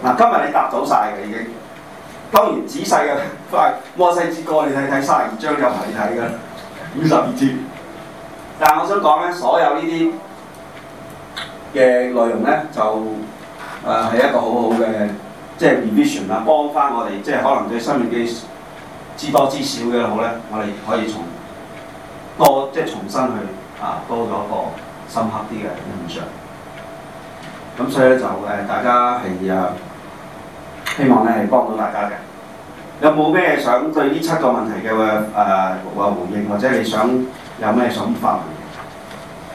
嗱，今日你答到晒嘅已經，當然仔細嘅，快 摩西之歌你睇睇卅二章就唔係你睇嘅，五十二節。但係我想講咧，所有內呢啲嘅內容咧，就誒係、呃、一個好好嘅，即係 revision 啊，幫翻我哋，即係可能對生命嘅知多知少嘅好咧，我哋可以從多即係重新去啊，多咗一個深刻啲嘅印象。咁所以咧就誒、呃，大家係啊～希望咧係幫到大家嘅，有冇咩想對呢七個問題嘅誒誒回應，或者你想有咩想法？問、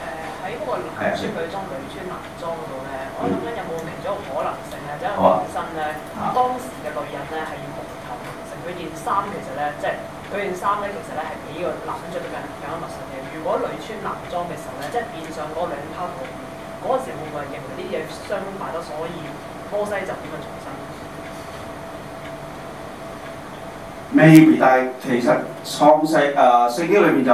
呃？喺嗰個男穿女裝女穿男裝嗰度咧，我諗緊有冇其他一個可能性咧，即係本身咧當時嘅女人咧係要蒙頭，成件衫其實咧即係佢件衫咧其實咧係比較冷著嘅，有啲陌生嘅。如果女穿男裝嘅時候咧，即係變上嗰兩 p a r 嗰時會唔會認為啲嘢相反咗？所以摩西就比較 Maybe，但係其實創世誒聖經裏面就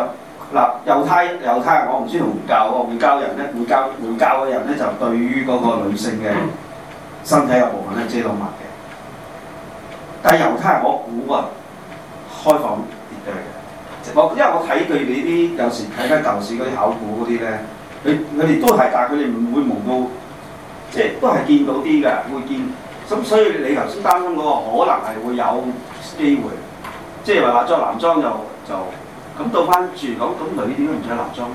嗱猶太猶太人，我唔知同教喎，回教人咧，回教回教嘅人咧就對於嗰個女性嘅身體嘅部分咧，遮到密嘅。但係猶太人我估啊，開放啲啲嘅。我因為我睇佢哋啲有時睇翻舊時嗰啲考古嗰啲咧，佢佢哋都係，但係佢哋唔會矇到，即係都係見到啲嘅，會見。咁所以你頭先擔心嗰個可能係會有機會。即係話着男裝就就咁到翻住咁，咁女點解唔着男裝咧？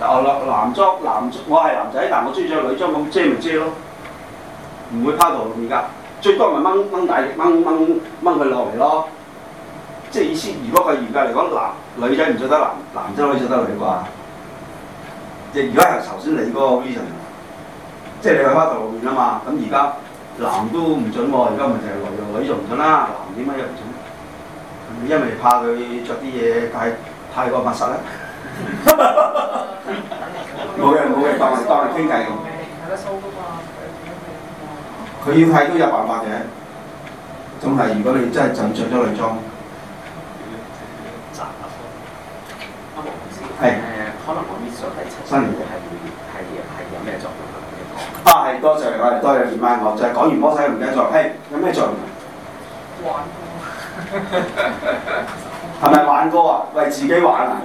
哦，男裝男裝男，我係男仔，但我中意着女裝，咁遮咪遮咯，唔會拋頭露面㗎。最多咪掹掹大力掹掹掹佢落嚟咯。即係意思，如果佢而家嚟講，男女仔唔着得男男仔可以着得女啩？即亦如果係頭先你嗰個 reason 即係你去拋頭露面啊嘛。咁而家男都唔準喎、啊，而家咪就係女女就唔準啦、啊。男點解又唔準？因為怕佢着啲嘢太太過密實啦，冇嘢冇嘢，當當係傾偈咁。佢要睇都有辦法嘅，咁係如果你真係就着咗內裝。係、嗯。嗯、可能我意思想係新年係係有咩作用啊？啊，係多謝你，多謝你問我，就係講完摩西唔記得咗，係、欸、有咩作用係咪 挽歌啊？為自己挽啊！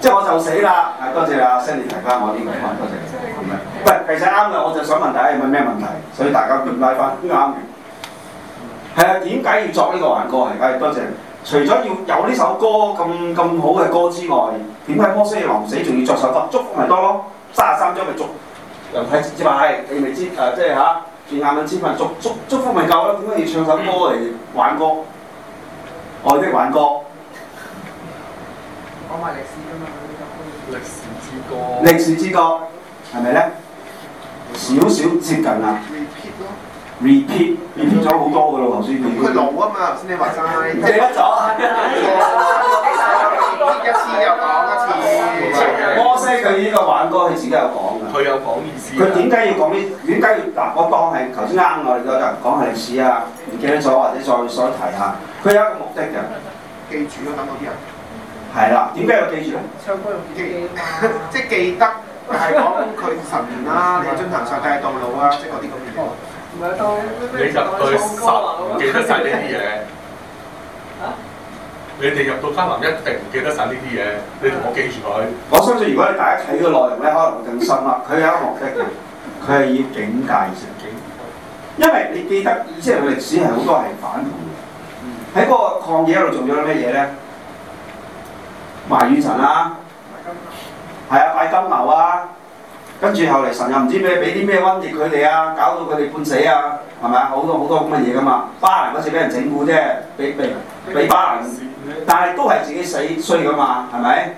即係我就死啦！啊，多謝阿 s a n n y 提翻我呢個，多謝，係咪？唔其實啱嘅，我就想問大家有冇咩問題？所以大家都拉翻，啱啱完。係啊，點解要作呢個挽歌？係啊，多謝。除咗要有呢首歌咁咁好嘅歌之外，點解摩西也留死，仲要作首歌祝福咪多咯？三十三章咪祝，又睇接翻，你未知誒，即係吓轉眼眼接翻，祝祝祝福咪夠啦？點解要唱首歌嚟挽歌？我的挽歌，講埋歷史之歌，歷史之歌係咪咧？少少接近啊 repeat, repeat。repeat repeat, repeat 咗好多㗎啦，頭先你佢老啊嘛，頭先你話齋，記得咗？摩西佢呢個玩歌，佢自己有講㗎。佢有講意思。佢點解要，要講呢？點解要嗱我當係頭先啱我哋嗰陣講歷史啊？唔記得咗，或者再想提下，佢有一個目的㗎。記住咗等到啲人。係啦，點解要記住？唱歌要記，記。即記得，就係講佢十年啦， 你俊衡上帝道路啊，即嗰啲咁。你入去實記得曬啲嘢。啊？ 你哋入到森林一定唔記得晒呢啲嘢，你同我記住佢。我相信，如果你大家睇個內容咧，可能會更深啦。佢有一個目的，佢係要警戒性，警因為你記得以色列歷史係好多係反叛嘅，喺嗰個抗議度路做咗咩嘢咧？埋怨神啦、啊，係啊，拜金牛啊，跟住後嚟神又唔知咩俾啲咩瘟疫佢哋啊，搞到佢哋半死啊，係咪好多好多咁嘅嘢噶嘛？巴蘭嗰次俾人整蠱啫，俾俾俾巴蘭。但係都係自己死衰噶嘛，係咪？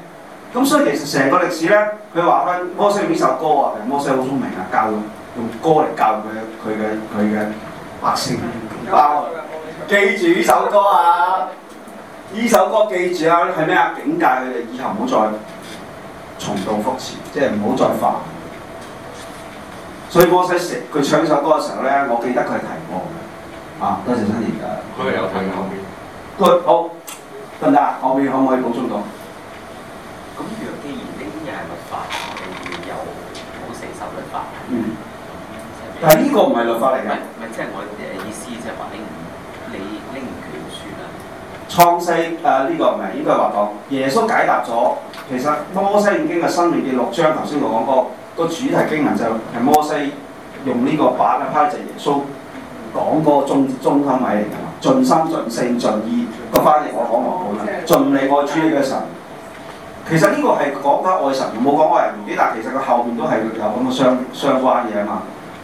咁所以其實成個歷史咧，佢話翻摩西呢首歌啊，其實摩西好聰明啊，教用歌嚟教佢佢嘅佢嘅百姓。啊，記住呢首歌啊！呢首歌記住啊，係咩啊？警戒佢哋以後唔好再重蹈覆轍，即係唔好再犯。所以摩西食佢唱呢首歌嘅時候咧，我記得佢係提過嘅。啊，多謝新年嘅。佢有提過嘅。佢好，好得唔得？後可唔可以補充到？咁若既然呢啲嘢係律法，我哋要有好死守律法。嗯。但係呢個唔係律法嚟嘅。唔即係我嘅意思，即係話你唔拎唔權算啊？創世誒呢個唔係應該話講，耶穌解答咗。其實摩西五經嘅申命記嘅六章，頭先我講嗰個主題經文就係摩西用呢個板嚟批著耶穌講嗰個中中心位嚟㗎嘛，盡心盡性盡意。個翻譯我講唔好啦，盡愛你愛主嘅神，其實呢個係講返愛神，冇講話愛人如己。但其實佢後面都係有咁嘅相相關嘢啊嘛。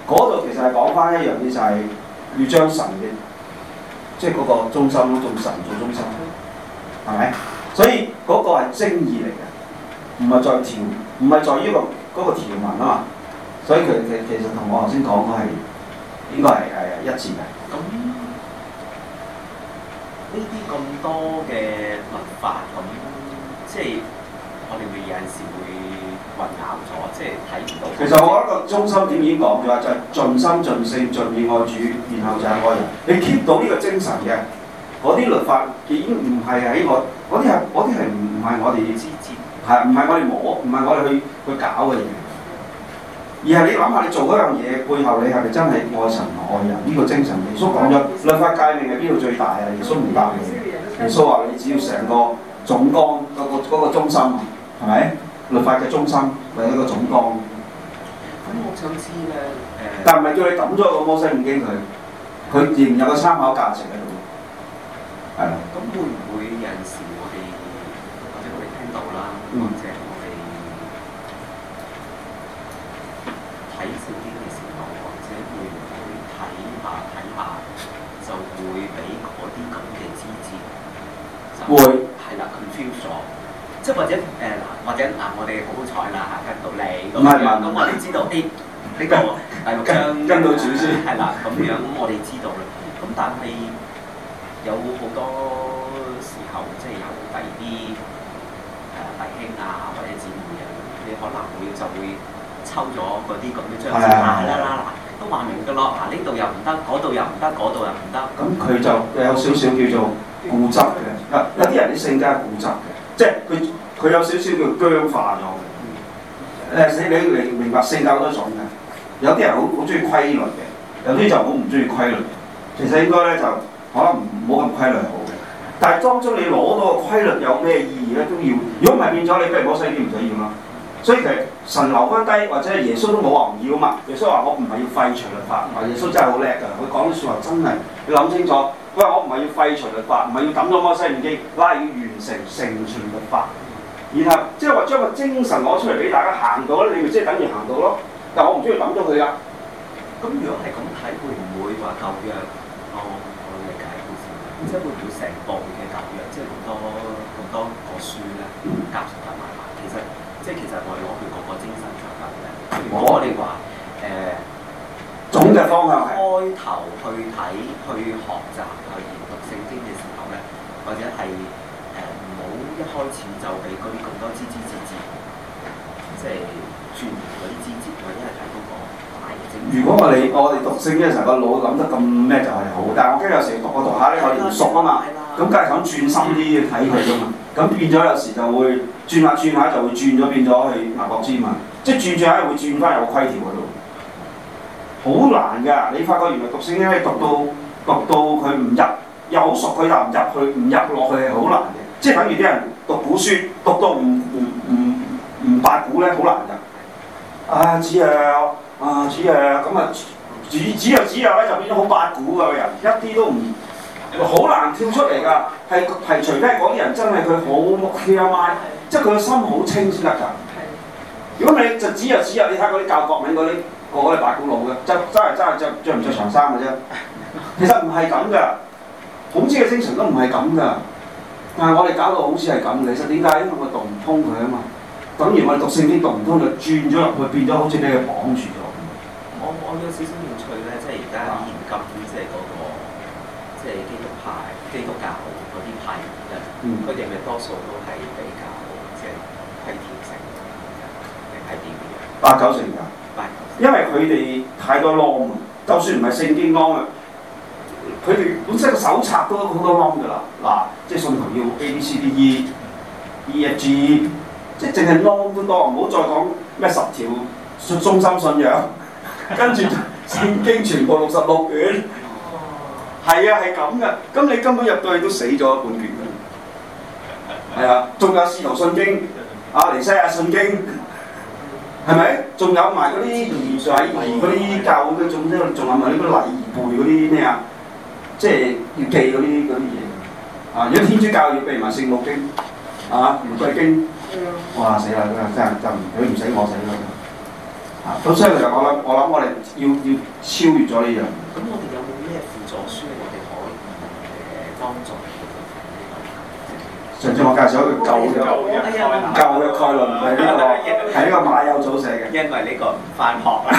嗰度其實係講翻一樣嘢，就係要將神嘅，即係嗰個中心做神做中心，係咪？所以嗰個係精義嚟嘅，唔係在條，唔係在於、呢個嗰、嗰個條文啊嘛。所以佢哋其實同我頭先講嘅係應該係係一致嘅。呢啲咁多嘅律法，咁即係我哋會有陣時會混淆咗，即係睇唔到。其實我一個中心點已經講咗，就係、是、盡心盡性盡意愛主，然後就係愛人。你 keep 到呢個精神嘅，嗰啲律法已經唔係喺我，嗰啲係嗰啲係唔係我哋要接接，係唔係我哋摸，唔係我哋去去搞嘅嘢。而係你諗下，你做嗰樣嘢背後，你係咪真係愛神愛人呢個精神？耶穌講咗，穌律法界命係邊度最大啊？耶穌唔答你。耶穌話：你只要成個總綱嗰個嗰個中心，係咪？律法嘅中心係一個總綱。咁我知咧，誒。但唔係叫你抌咗個摩西五經佢，佢仍然有個參考價值喺度，係。咁會唔會人事？會係啦，confuse 咗，即係或者誒，或者嗱，我哋好好彩啦，跟到你咁樣，咁我哋知道啲呢個大陸將跟到主先，係啦，咁樣咁我哋知道啦，咁但係有好多時候，即係有第二啲誒弟兄啊，或者姊妹啊，你可能會就會抽咗嗰啲咁嘅章程啦啦啦，嗱，都話明㗎啦，嗱呢度又唔得，嗰度又唔得，嗰度又唔得，咁佢就有少少叫做固執嘅。有啲人啲性格係固執嘅，即係佢佢有少少叫僵化咗嘅。誒、mm，你、hmm. 你明白性格好多種嘅，有啲人好好中意規律嘅，gained, 有啲就好唔中意規律嘅。其實應該咧就可能，唔冇咁規律好嘅。但係當中你攞到個規律有咩意義咧？都要、mm，如果唔係變咗，你不如攞西點唔使要啦。Hmm. 所以其實神留翻低，或者係耶穌都冇話唔要嘛。耶穌話：我唔係要廢除律法，耶穌真係好叻㗎。佢講啲説話真係要諗清楚。佢話：我唔係要廢除律法，唔係要抌咗摩西五經，我係要完成成全律法。然後即係話將個精神攞出嚟俾大家行到咧，你咪即係等於行到咯。但係我唔鍾意抌咗佢㗎。咁如果係咁睇，會唔會話舊約？我我理解即係、就是、會唔會成部嘅舊約，即係好多咁多個書咧夾雜埋埋，其實？即係其實我哋攞佢個個精神嚟教嘅。我哋話誒總嘅方向係開頭去睇、去學習、去研、嗯、讀聖經嘅時候咧，或者係誒唔好一開始就俾嗰啲咁多枝枝節節，即係串嗰啲枝節，或者係睇嗰個大嘅精。如果我哋我哋讀聖經嘅時候個腦諗得咁咩就係好，但係我驚有時讀我讀下咧我哋熟啊嘛，咁梗係想轉心啲睇佢㗎嘛，咁變咗有時就會。轉下轉下就會轉咗，變咗去埋博之物。即係轉轉下會轉翻入個規條嗰度，好難㗎！你發覺原來讀聖經咧，讀到讀到佢唔入，又好熟佢又唔入去，唔入落去係好難嘅。即係等於啲人讀古書，讀到唔唔唔唔八股咧，好難㗎。啊，子曰啊子曰，咁啊子子曰子曰咧就變咗好八股嘅人，一啲都唔好難跳出嚟㗎。係係除非嗰啲人真係佢好即係佢個心好清先得㗎。如果的你就子曰子曰，你睇嗰啲教國名嗰啲，嗰啲白古佬嘅，就真係真係著著唔着長衫嘅啫。其實唔係咁㗎。孔子嘅精神都唔係咁㗎。但係我哋搞到好似係咁。其實點解？因為我讀唔通佢啊嘛。等於我哋讀聖經讀唔通，就轉咗入去，變咗好似俾佢綁住咗。我我有少少興趣咧，即係而家現今，即係嗰個，即係基督派、基督教嗰啲派人，佢哋咪多數都係。八九成㗎，因為佢哋太多 long，就算唔係聖經 long 啊，佢哋本身個手冊都好多 long 㗎啦。嗱，即係信徒要 A B C D E E F G，即係淨係 long 都多，唔好再講咩十條中心信仰，跟住聖經全部六十六卷，係啊，係咁嘅。咁你根本入到去都死咗一半卷㗎。係啊，仲有使徒信經，亞、啊、尼西亞信經。係咪？仲有埋嗰啲兒仔、嗰啲舊嘅，總仲有埋嗰啲禮儀、背嗰啲咩啊？即係要記嗰啲嗰啲嘢。啊，如果天主教要背埋聖母經，啊，玫瑰經，的哇死啦！真係真佢唔使我死咯。咁、啊、所以其實我諗，我諗我哋要要超越咗呢樣。咁我哋有冇咩輔助書我，我哋可以誒幫助？上次我介紹一個舊約舊約概論，係呢個係呢個馬有藻寫嘅，因為呢個唔返學。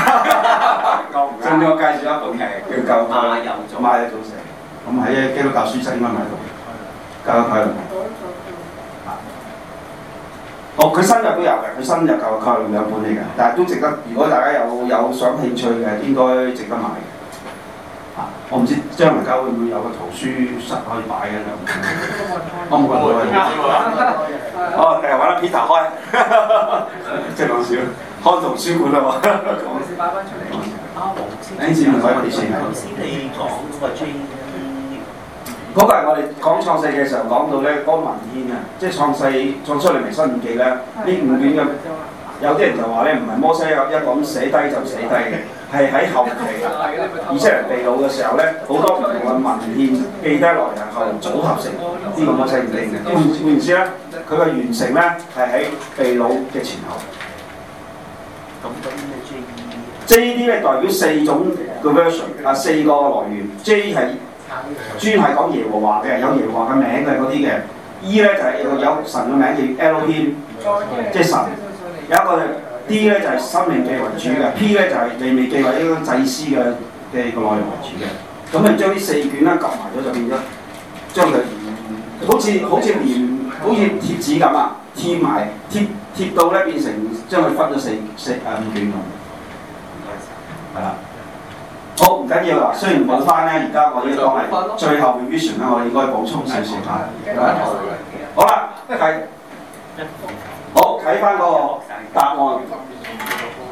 上次我介紹一本係、okay, 叫《舊約馬有藻馬有藻寫》，咁喺基督教書室應該買到。舊約概論。嗯、哦，佢新約都有嘅，佢新約舊約概論兩本嚟嘅，但係都值得。如果大家有有想興趣嘅，應該值得買。我唔知將來間會唔會有個圖書室可以擺嘅兩間，我冇掛到啊！哦，誒，揾啲片頭開，即係講笑。開圖書館啊嘛！啱先擺翻出嚟，啱先。啱先你講話 G 二，嗰個係我哋講創世嘅時候講到咧，江文軒啊，即係創世創出嚟《摩西五經》咧，呢五卷嘅。有啲人就話咧，唔係摩西一一個咁寫低就寫低嘅，係喺後期，以色列人被擄嘅時候咧，好多唔同嘅文獻記低落嚟，後人組合成呢個摩西五經嘅。換言之咧，佢嘅完成咧係喺被擄嘅前後。咁咁咩 J E D？J D 咧代表四種嘅 version，啊四個來源。J 係專係講耶和華嘅，有耶和華嘅名嘅嗰啲嘅。E 咧就係有神嘅名叫 Elohim，即係神。有一個 D 咧就係、是、申命記為主嘅。的，P 咧就係、是、你未記為呢個祭司嘅嘅個內容為主嘅。咁啊將啲四卷咧夾埋咗就變咗，將佢、嗯、好似好似粘好似貼紙咁啊貼埋貼貼到咧變成將佢分咗四四五卷咯，的係啦。好唔緊要啦，雖然講翻咧，而家我應該當係最後嘅 vision 咧，我哋應該補充少少埋。好啦，一係。的睇翻嗰個答案，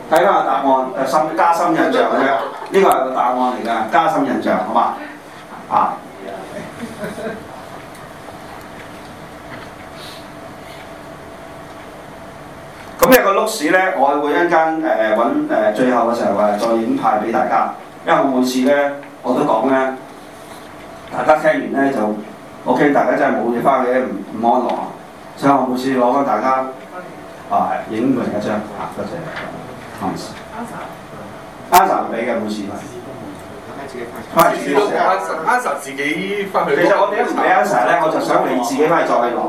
睇翻個答案，誒加深印象，呢個係個答案嚟㗎，加深印象，好嘛？ 啊！咁呢個碌屎呢，我會一間誒揾誒最後嘅時候再影派俾大家，因為我每次呢，我都講呢，大家聽完呢就 OK，大家真係冇嘢翻嘅，唔唔安樂，所以我每次攞翻大家。啊，影完一張啊，多謝。阿、嗯、神，answer 唔俾嘅冇事。係，answer answer 自己翻去。其實就我哋唔俾 answer 咧，我就想你自己翻去再諗。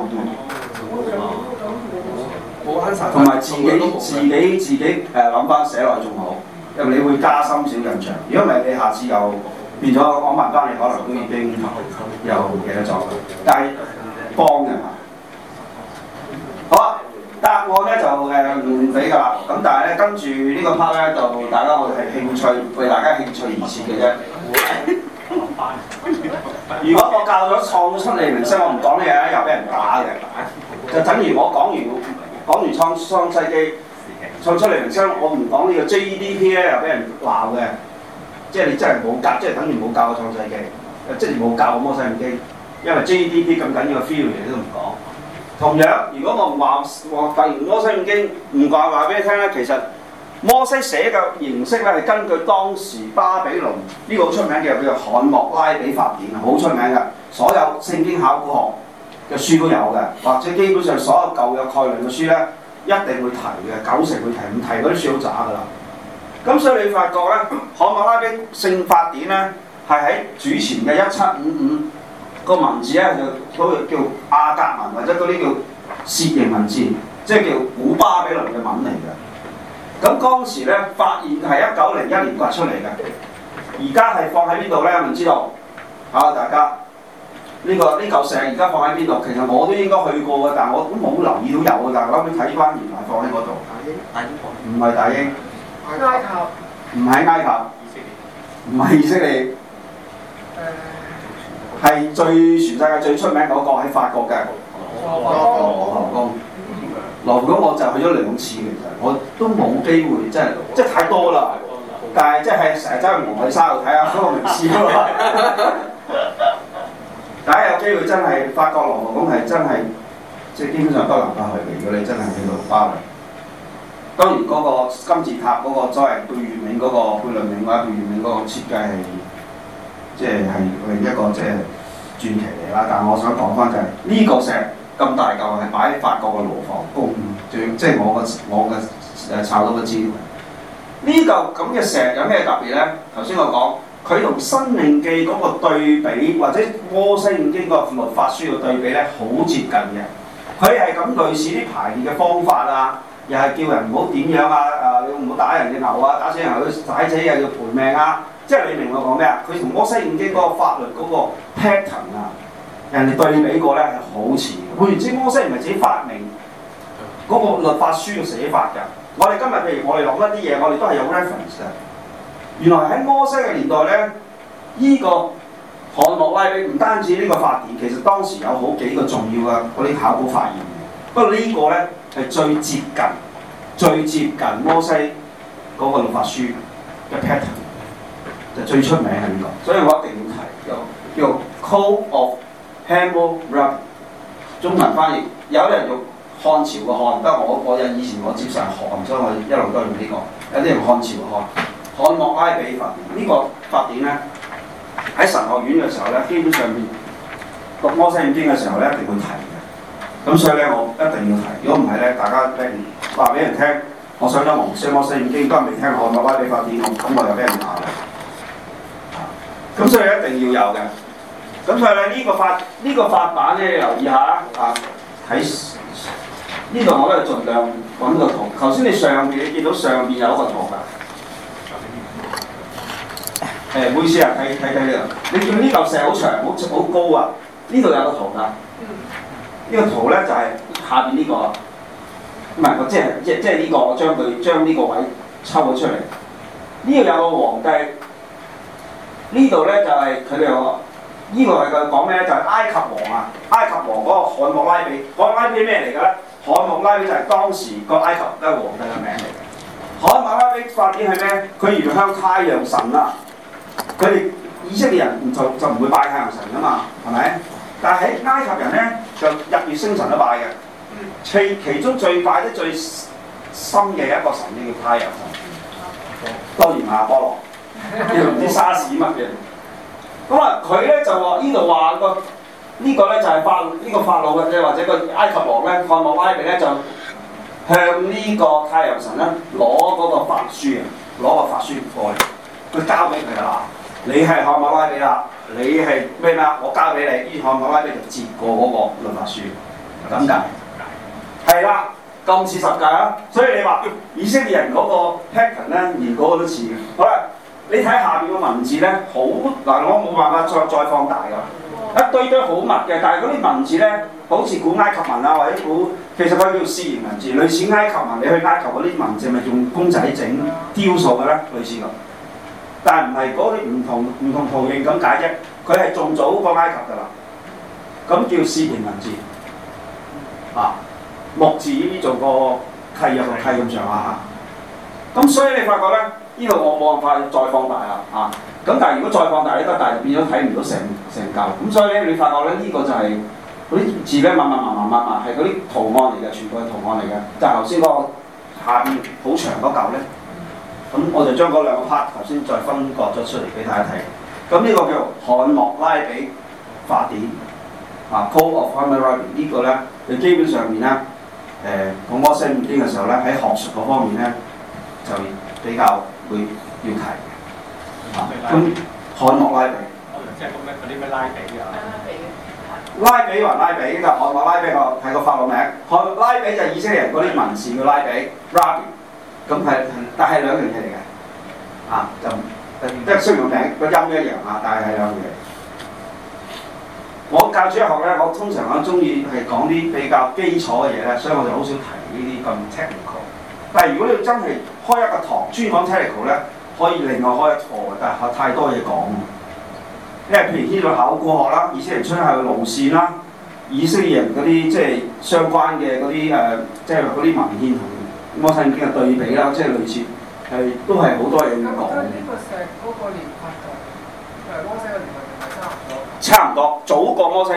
同埋自己自己自己誒諗翻寫落去仲好，因為你會加深少印象。如果唔係，你下次又變咗講埋翻，你可能都已經又唔記得咗。但係幫人啊，好啊。答案咧就誒唔俾噶啦，咁但係咧跟住呢個 part 咧就大家我哋係興趣為大家興趣而設嘅啫。 如果我教咗創出嚟明星，我唔講乜嘢又俾人打嘅，就等於我講完講完創創世記創出嚟明星，我唔講呢個 JEDP 咧又俾人鬧嘅，即係你真係冇教，即係等於冇教過創世記，即係冇教過摩西五經，因為 JEDP 咁緊要嘅 feel 你都唔講。同樣，如果我唔話我讀完摩西五經，唔怪話俾你聽啦。其實摩西寫嘅形式咧係根據當時巴比倫呢、這個好出名嘅，又叫做漢莫拉比法典啊，好出名嘅。所有聖經考古學嘅書都有嘅，或者基本上所有舊約概論嘅書咧一定會提嘅，九成會提，唔提嗰啲書好渣㗎啦。咁所以你發覺咧，漢莫拉比聖法典咧係喺主前嘅一七五五。個文字咧就嗰個叫亞格文或者嗰啲叫楔形文字，即係叫古巴比倫嘅文嚟嘅。咁當時咧發現係一九零一年嗰出嚟嘅，而家係放喺邊度咧？唔知道啊，大家呢、這個呢嚿、這個、石而家放喺邊度？其實我都應該去過嘅，但係我都冇留意到有嘅。但我諗住睇翻原來放喺嗰度。大英大英唔係大英，埃及唔係埃及，唔係以色列。誒。係最全世界最出名嗰、那個喺法國嘅羅浮宮。羅浮宮我就去咗兩次其實，我都冇機會，真係即係太多啦。了但係即係成日走去蒙彼沙度睇下嗰個名次。 但係有機會真係法國羅浮宮係真係，即係基本上不能不去。如果你真係去到巴黎，當然嗰個金字塔嗰個所謂貝聿銘嗰個貝聿銘嘅話，貝聿銘嗰個設計係。.即係係一個即係傳奇嚟啦，但係我想講翻就係、是、呢 個石咁大嚿係擺喺法國嘅牢房宮，即係、嗯、我，我，我炒 個我嘅誒查到嘅資料。呢嚿咁嘅石有咩特別咧？頭先我講佢同《申命記》嗰個對比，或者《摩西五經》呢個律法書嘅對比咧，好接近嘅。佢係咁類似啲排列嘅方法啊，又係叫人唔好點樣啊，誒，唔好打人嘅牛啊，打死人佢踩死又要賠命啊。即係你明我講咩啊？佢同摩西五經嗰個法律嗰個 pattern 啊，人哋對比過咧係好似嘅。換言之摩西唔係自己發明嗰個律法書嘅寫法㗎。我哋今日譬如我哋諗一啲嘢，我哋都係有 reference 嘅。原來喺摩西嘅年代咧，呢個漢莫拉比唔單止呢個法典，其實當時有好幾個重要嘅嗰啲考古發現嘅。不過呢個咧係最接近、最接近摩西嗰個律法書嘅 pattern。最出名係呢個、嗯，所以我一定要提，叫叫 Code of Hammurabi，中文翻譯，有人用漢朝嘅漢，得我個人以前我接受漢，所以我一路都用呢、這個，有啲人漢朝嘅漢，漢莫拉比法典。呢、這個法典咧喺神學院嘅時候咧，基本上面讀摩西五經嘅時候咧，一定會提嘅，咁所以咧我一定要提，如果唔係咧，大家俾人話俾人聽，我上咗《摩西摩西五經》，都未聽漢莫拉比法典。我咁我又俾人打。啦。咁所以一定要有嘅。咁所以咧呢個法呢個法板咧，你留意下啊。喺呢度我都係盡量揾個圖。頭先你上邊你見到上邊有一個圖㗎。哎，唔好意思啊，睇睇睇呢度。你見呢嚿石好長，好好高啊。呢度有個圖㗎。呢個圖咧就係下邊呢個。唔係，我即係即即係呢個，我將佢將呢個位抽咗出嚟。呢度有個皇帝。呢度咧就係佢哋，我呢個係佢講咩咧？就係、是、埃及王啊，埃及王嗰個漢莫拉比。嗰個拉比咩嚟嘅咧？漢莫拉比就係當時個埃及都係皇帝嘅名嚟。漢莫拉比發展係咩？佢面向太陽神啦。佢哋以色列人就就唔會拜太陽神㗎嘛，係咪？但係喺埃及人咧就日月星辰都拜嘅。最其中最拜得最深嘅一個神咧叫太陽神。當然阿波羅。呢唔知沙士乜嘅，咁啊佢咧就話，呢度話個呢個咧就係法呢、這個法老嘅，即或者個埃及王咧漢穆拉比咧就向個呢個太陽神咧攞嗰個法書嘅，攞個法書，個法書過嚟，佢交俾佢啦。你係漢穆拉比啦，你係咩咩我交俾你，呢漢穆拉比就接過嗰個律法書，咁解係啦，咁似十誡啊。所以你話、哎、以色列人嗰個 h a b r o n 咧，連嗰個都似嘅，好啦。你睇下面個文字咧，好嗱，我冇辦法再再放大噶，一堆堆好密嘅，但係嗰啲文字咧，好似古埃及文啊，或者古，其實佢叫楔形文字，類似埃及文。你去埃及嗰啲文字咪用公仔整雕塑嘅咧，類似咁。但係唔係嗰啲唔同唔同圖形咁解啫，佢係仲早過埃及噶啦。咁叫楔形文字啊，木字做個契入契咁上下啊。咁所以你發覺咧？呢個我冇辦法再放大啦，啊！咁但係如果再放大呢個，大就變咗睇唔到成成嚿。咁、嗯、所以咧，你發覺咧，依、這個就係嗰啲字咧，密密麻麻、密密係嗰啲圖案嚟嘅，全部係圖案嚟嘅。但係頭先嗰個下面好長嗰嚿咧，咁我就將嗰兩個 part 頭先再分割咗出嚟俾大家睇。咁呢個叫漢莫拉比法典，啊 Code of Hammurabi 呢個咧，佢基本上面咧，誒、呃，摩西五經嘅時候咧，喺學術嗰方面咧，就比較。會要提嘅。咁漢、啊、漢莫拉比，啊、即係嗰啲咩拉比啊？拉比，拉比還拉比，個漢莫拉比個係個法老名，漢拉比就係以色列人嗰啲文士嘅拉比 r a b i。咁係，但係兩樣嘢嚟嘅嚇，就即係雖然名個音一樣嚇，但係係兩樣嘢。我教主日學咧，我通常我中意係講啲比較基礎嘅嘢咧，所以我就好少提呢啲咁 technical。但係如果你要真係開一個堂專講 technical 咧，可以另外開一堂嘅，但係太多嘢講啊！因為譬如呢度考古學啦，以色列人出係嘅路線啦，以色列人嗰啲即係相關嘅嗰啲誒，即係嗰啲文件同摩西經嘅對比啦，即係類似係都係好多嘢要講嘅。咁年代同摩西嘅年代差唔多？嗯、早過摩西。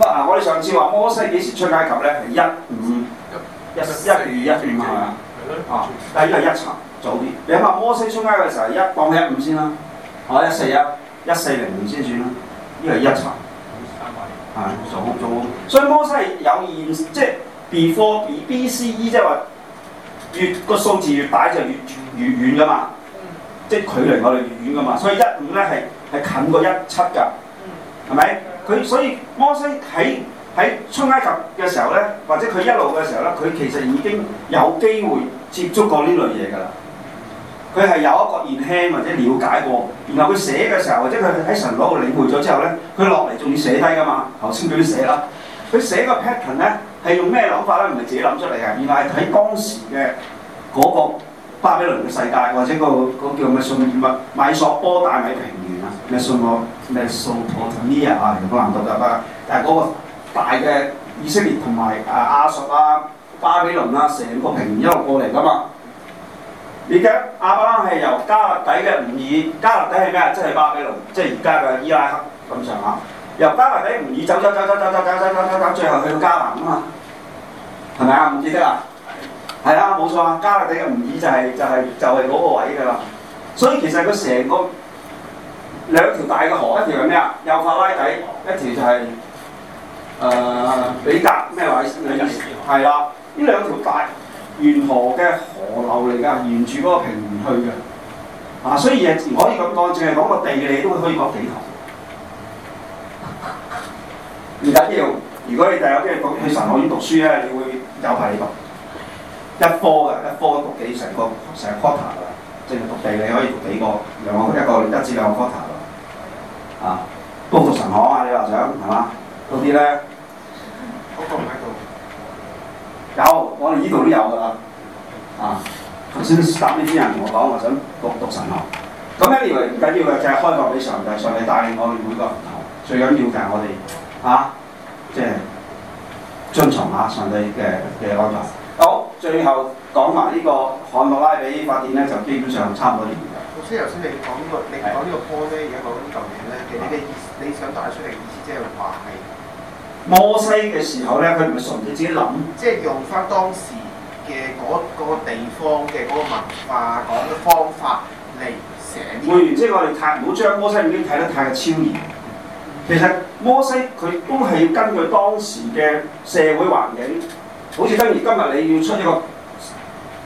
乜啊？我哋上次話摩西幾時出埃及咧？係一五。一一二一五嘛係咪啊？哦，但係呢個一七早啲。你諗下摩西出街嘅時候，一放起、啊、一五先啦，哦一四一，一四零零先算啦，呢係一七。係上好早。所以摩西係有現，即係 before B B C E，即係話越個數字越大就越越遠㗎嘛。即係距離我哋越遠㗎嘛。所以一五咧係係近過一七㗎，係咪？佢所以摩西喺。喺出埃及嘅時候咧，或者佢一路嘅時候咧，佢其實已經有機會接觸過呢類嘢㗎啦。佢係有一個認聽或者了解過，然後佢寫嘅時候，或者佢喺神嗰度領會咗之後咧，佢落嚟仲要寫低㗎嘛。頭先佢都寫啦，佢寫個 pattern 咧係用咩諗法咧？唔係自己諗出嚟嘅，原來係睇當時嘅嗰個巴比倫嘅世界，或者、嗰個那個叫咩什麼乜米索波大米平原啊？咩數我，咩數學呢啊？有冇難度㗎？但係嗰、嗰個大嘅以色列同埋啊亞述啊巴比倫啊，成個平原一路過嚟噶嘛？你記亞伯蘭係由加勒底嘅吾爾。加勒底係咩啊？即係巴比倫，即係而家嘅伊拉克咁上下。由加勒底吾爾走走走走走走走走走，最後去到加蘭啊嘛？係咪啊？唔記得喇？係啊，冇錯啊！加勒底嘅吾爾就係就係就係嗰個位噶啦。所以其實佢成個兩條大嘅河，一條係咩啊？幼發拉底，一條就係。誒比格咩位？係啦、呃，呢兩條大沿河嘅河流嚟㗎，沿住嗰個平原去㗎。啊，所以誒唔可以咁講，淨係講個地理都可以講幾堂。唔緊要，如果你第日即係去神學院讀書咧，你會有排讀一科嘅，一科讀幾成個成個 quarter 啦，淨係、啊、讀地理可以讀幾個，兩個一個一至兩個 quarter 啦。啊，包括神學啊，你話想係嘛？嗰啲咧～嗰個唔喺度，有我哋呢度都有㗎啦，啊！頭先答呢啲人，同我講我想讀讀神學。咁呢一條唔緊要嘅，就係開放俾上帝，上帝帶領我哋每個唔同。最緊要就係我哋啊，即係遵從下上帝嘅嘅安排。好，最後講埋呢、呢個漢羅拉比法呢典地咧，就基本上差唔多啲。頭先頭先你講、呢個，你講,個講個呢個波咧，而家講舊嘢咧，其實你你想帶出嚟意思，即係話係。摩西嘅時候咧，佢唔係純粹自己諗，即係用翻當時嘅嗰個地方嘅嗰個文化講嘅，那個、方法嚟寫。換言之，我哋太唔好將摩西已經睇得太超然。其實摩西佢都係根據當時嘅社會環境，好似例如今日你要出一個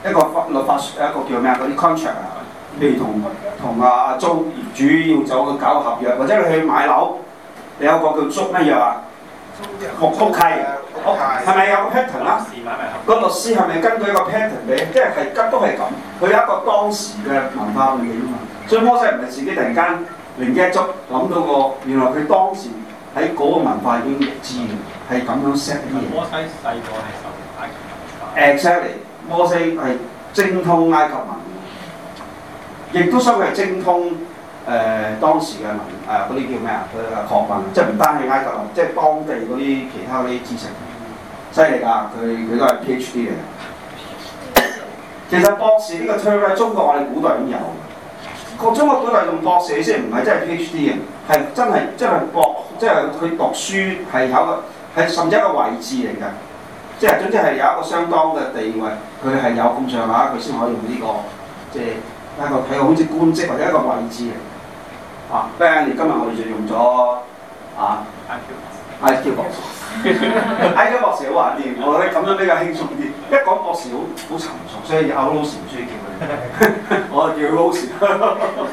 一個法立法，一個叫咩，嗰啲 contract 啊，譬如同同阿阿租主要走去搞合約，或者你去買樓，你有個叫租咩嘢啊？木框契，係咪有個 pattern 啦？是是個律師係咪根據一個 pattern 俾？即係吉都係咁，佢有一個當時嘅文化背景嘛。所以摩西唔係自己突然間靈機一觸，諗到個原來佢當時喺嗰個文化入邊，自然係咁樣寫嘅。Exactly. 摩西細個係受埃及文化，actually 摩西係精通埃及文，亦都所謂精通。誒、呃、當時嘅文誒嗰啲叫咩啊？佢嘅學問，即係唔單係埃及人，即係當地嗰啲其他啲知識犀利㗎！佢佢都係 PhD 嚟嘅。其實博士呢個 term，中國我哋古代已經有。國中國古代用博士先唔係真係 PhD 嘅，係真係真係博，即係佢讀書係有個係甚至一個位置嚟嘅。即係總之係有一個相當嘅地位，佢係有咁上下，佢先可以用呢、這個即係、就是、一個睇好似官職或者一個位置嚟。啊！嗱，而今日我哋就用咗啊，IQ 博士，IQ 博士，IQ 博士好懷念，我覺得咁樣比較輕鬆啲。一講博士，好好沉重，所以阿好多老師唔中意叫佢哋、 啊，我叫 Rose。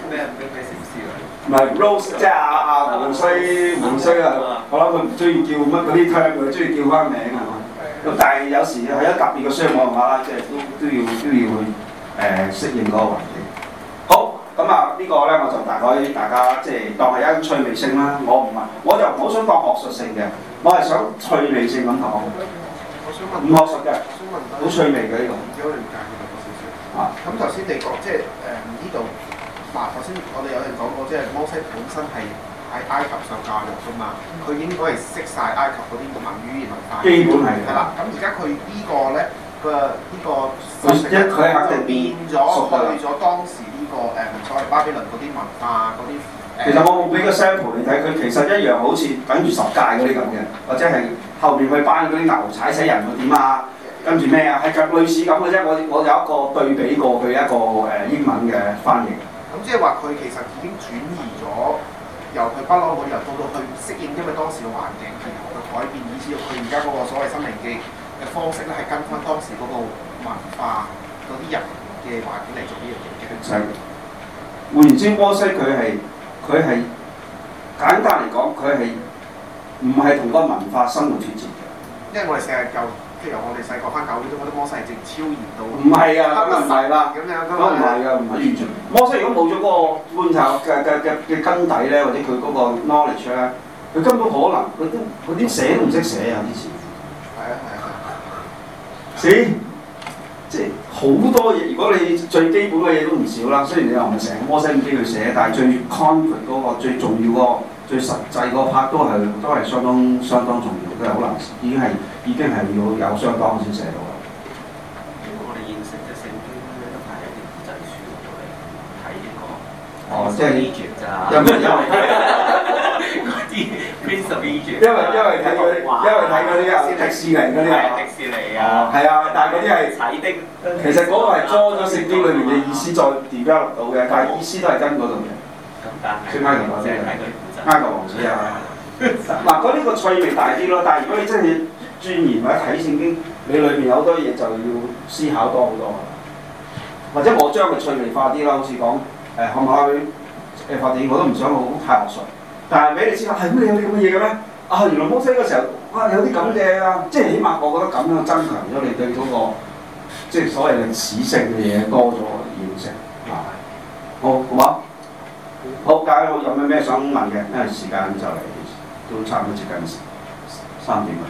咩咩咩，成師啊？唔係 Rose，即係阿啊，胡西胡西啊！我諗佢唔中意叫乜嗰啲腔，佢中意叫翻名係嘛？咁但係有時喺一特別嘅商務話啦，即係都都要都要去誒、呃、適應嗰個環境。好。咁啊，呢呢個呢個咧我就大概大家即係當係一種趣味性啦。我唔，我就唔好想講學術性嘅，我係想趣味性咁講。唔學術嘅，好趣味嘅呢個。幾好理解嘅，講少少。啊。咁頭先你講即係誒唔知道，嗱頭先我哋有人講過，即係摩西本身係喺埃及受教育噶嘛，佢應該係識晒埃及嗰啲文語言文化。基本係。係啦，咁而家佢呢、呢個咧佢呢個佢肯定變咗去咗當時。個誒、嗯、文化，巴比倫嗰啲文化嗰啲。嗯、其實我冇俾個 sample 你睇，佢其實一樣好似等於十戒嗰啲咁嘅，或者係後面去班嗰啲牛踩死人會點啊？跟住咩啊？係著類似咁嘅啫。我我有一個對比過佢一個誒英文嘅翻譯。咁、嗯、即係話佢其實已經轉移咗，由佢不嬲嗰啲到到去適應，因為當時嘅環境，係由佢改變，以至於佢而家嗰個所謂新靈經嘅方式咧，係跟翻當時嗰個文化嗰啲人，嘅環境嚟做呢樣嘢嘅，所以換言之，摩西佢係佢係簡單嚟講，佢係唔係同個文化生活脫節嘅，因為我哋成日由即係由我哋細個翻九點鐘，覺得摩西係正超然到，唔係啊，根本唔係啦，根本唔係啊，唔係完全。摩西如果冇咗嗰個罐頭嘅嘅嘅嘅根底咧，或者佢嗰個 knowledge 咧，佢根本可能佢都佢啲寫都唔識寫啊，以前。係係係。C 即係好多嘢，如果你最基本嘅嘢都唔少啦。雖然你又唔係成個魔術機去寫，但係最 concrete 個最重要個最實際個拍都係都係相當相當重要，都係好難，已經係已經係要有相當先寫到啦。如果我哋認識嘅聖經咧都係一啲古仔書嚟，睇呢個哦，嗯、即係呢為因有。 因為因為睇嗰啲，因為睇嗰啲啊，迪士尼嗰啲啊，係啊，但係嗰啲係睇的。其實嗰個係裝咗《聖經》裏面嘅意思再 develop 到嘅，但係意思都係跟嗰種嘅。咁啱係，即先，埃及啊，埃及王子啊，嗱，嗰呢個趣味大啲咯。但係如果你真係鑽研或者睇《聖經》，你裏面好多嘢就要思考多好多啊。或者我將佢趣味化啲啦，好似講誒，可下佢，嘅發展？我都唔想好太學術。但係俾你知啦，係咩有啲咁嘅嘢嘅咩？啊，原來摩西嗰時候，哇、啊，有啲咁嘅啊！即係起碼我覺得咁樣增強咗你對嗰、那個即係所謂歷史性嘅嘢多咗認識啊！好，好嘛？好，大家有冇咩想問嘅？因為時間就嚟都差唔多接近三點啦。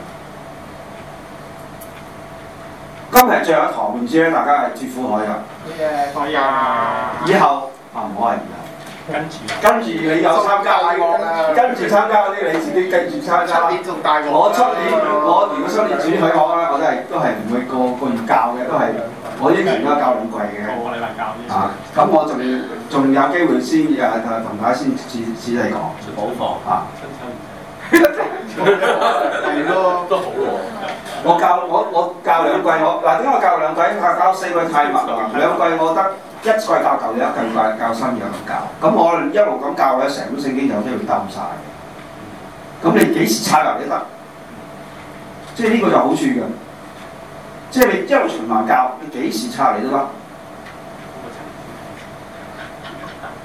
今日最後一堂唔知咧，大家係知負我啊！好嘅，拜仁，以後啊，唔好話唔跟住，跟住你有參加啦，跟住參加嗰啲，你自己跟住參加。我出年，我如果出年主講啦，我都係都係唔會個個月教嘅，都係我一年而家教兩季嘅。我你咪教啊？咁我仲仲有機會先啊同大家先仔仔地講講課啊。係咯，都好我教我我教兩季我嗱，點解我教兩季？啊，教，教四季太密啦，兩季我得一季教舊嘢，一季教新嘢唔教。咁我一路咁教咧，成個聖經就都會兜晒。咁你幾時拆嚟都得，即係呢個就好處㗎。即係你一路循環教，你幾時拆嚟都得。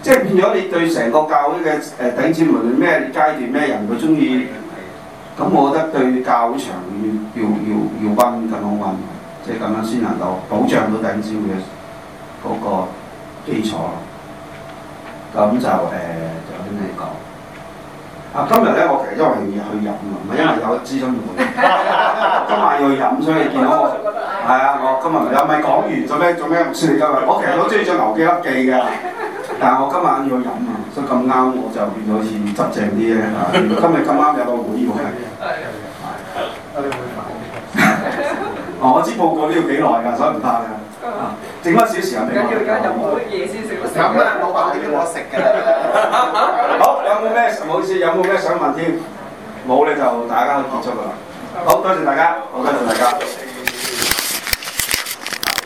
即係變咗你對成個教會嘅誒頂尖門，咩階段咩人佢中意？咁我覺得對較場要要要穩咁，就是，樣穩，即係咁樣先能夠保障到頂招嘅嗰個基礎。咁就誒、呃、就先嚟講。啊，今日咧我其實因為要去飲啊，唔係因為有資金用。 今晚要去飲，所以見到我係啊，我今日又未講完做咩做咩唔舒服？今日我其實好中意著牛記笠記嘅，但係我今晚要飲啊。所以咁啱我就變咗似執正啲咧嚇。今日咁啱有個會議，啊 我知報告都要幾耐㗎，所以唔怕㗎。啊，剩翻少少時間未？有冇乜嘢先食？有啊，晚老闆我冇得食㗎。 好，有冇咩唔好意思，有冇咩想問添？冇你就大家都以結束㗎啦。好多謝大家，好多謝大家。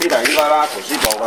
呢度應該啦，圖書部。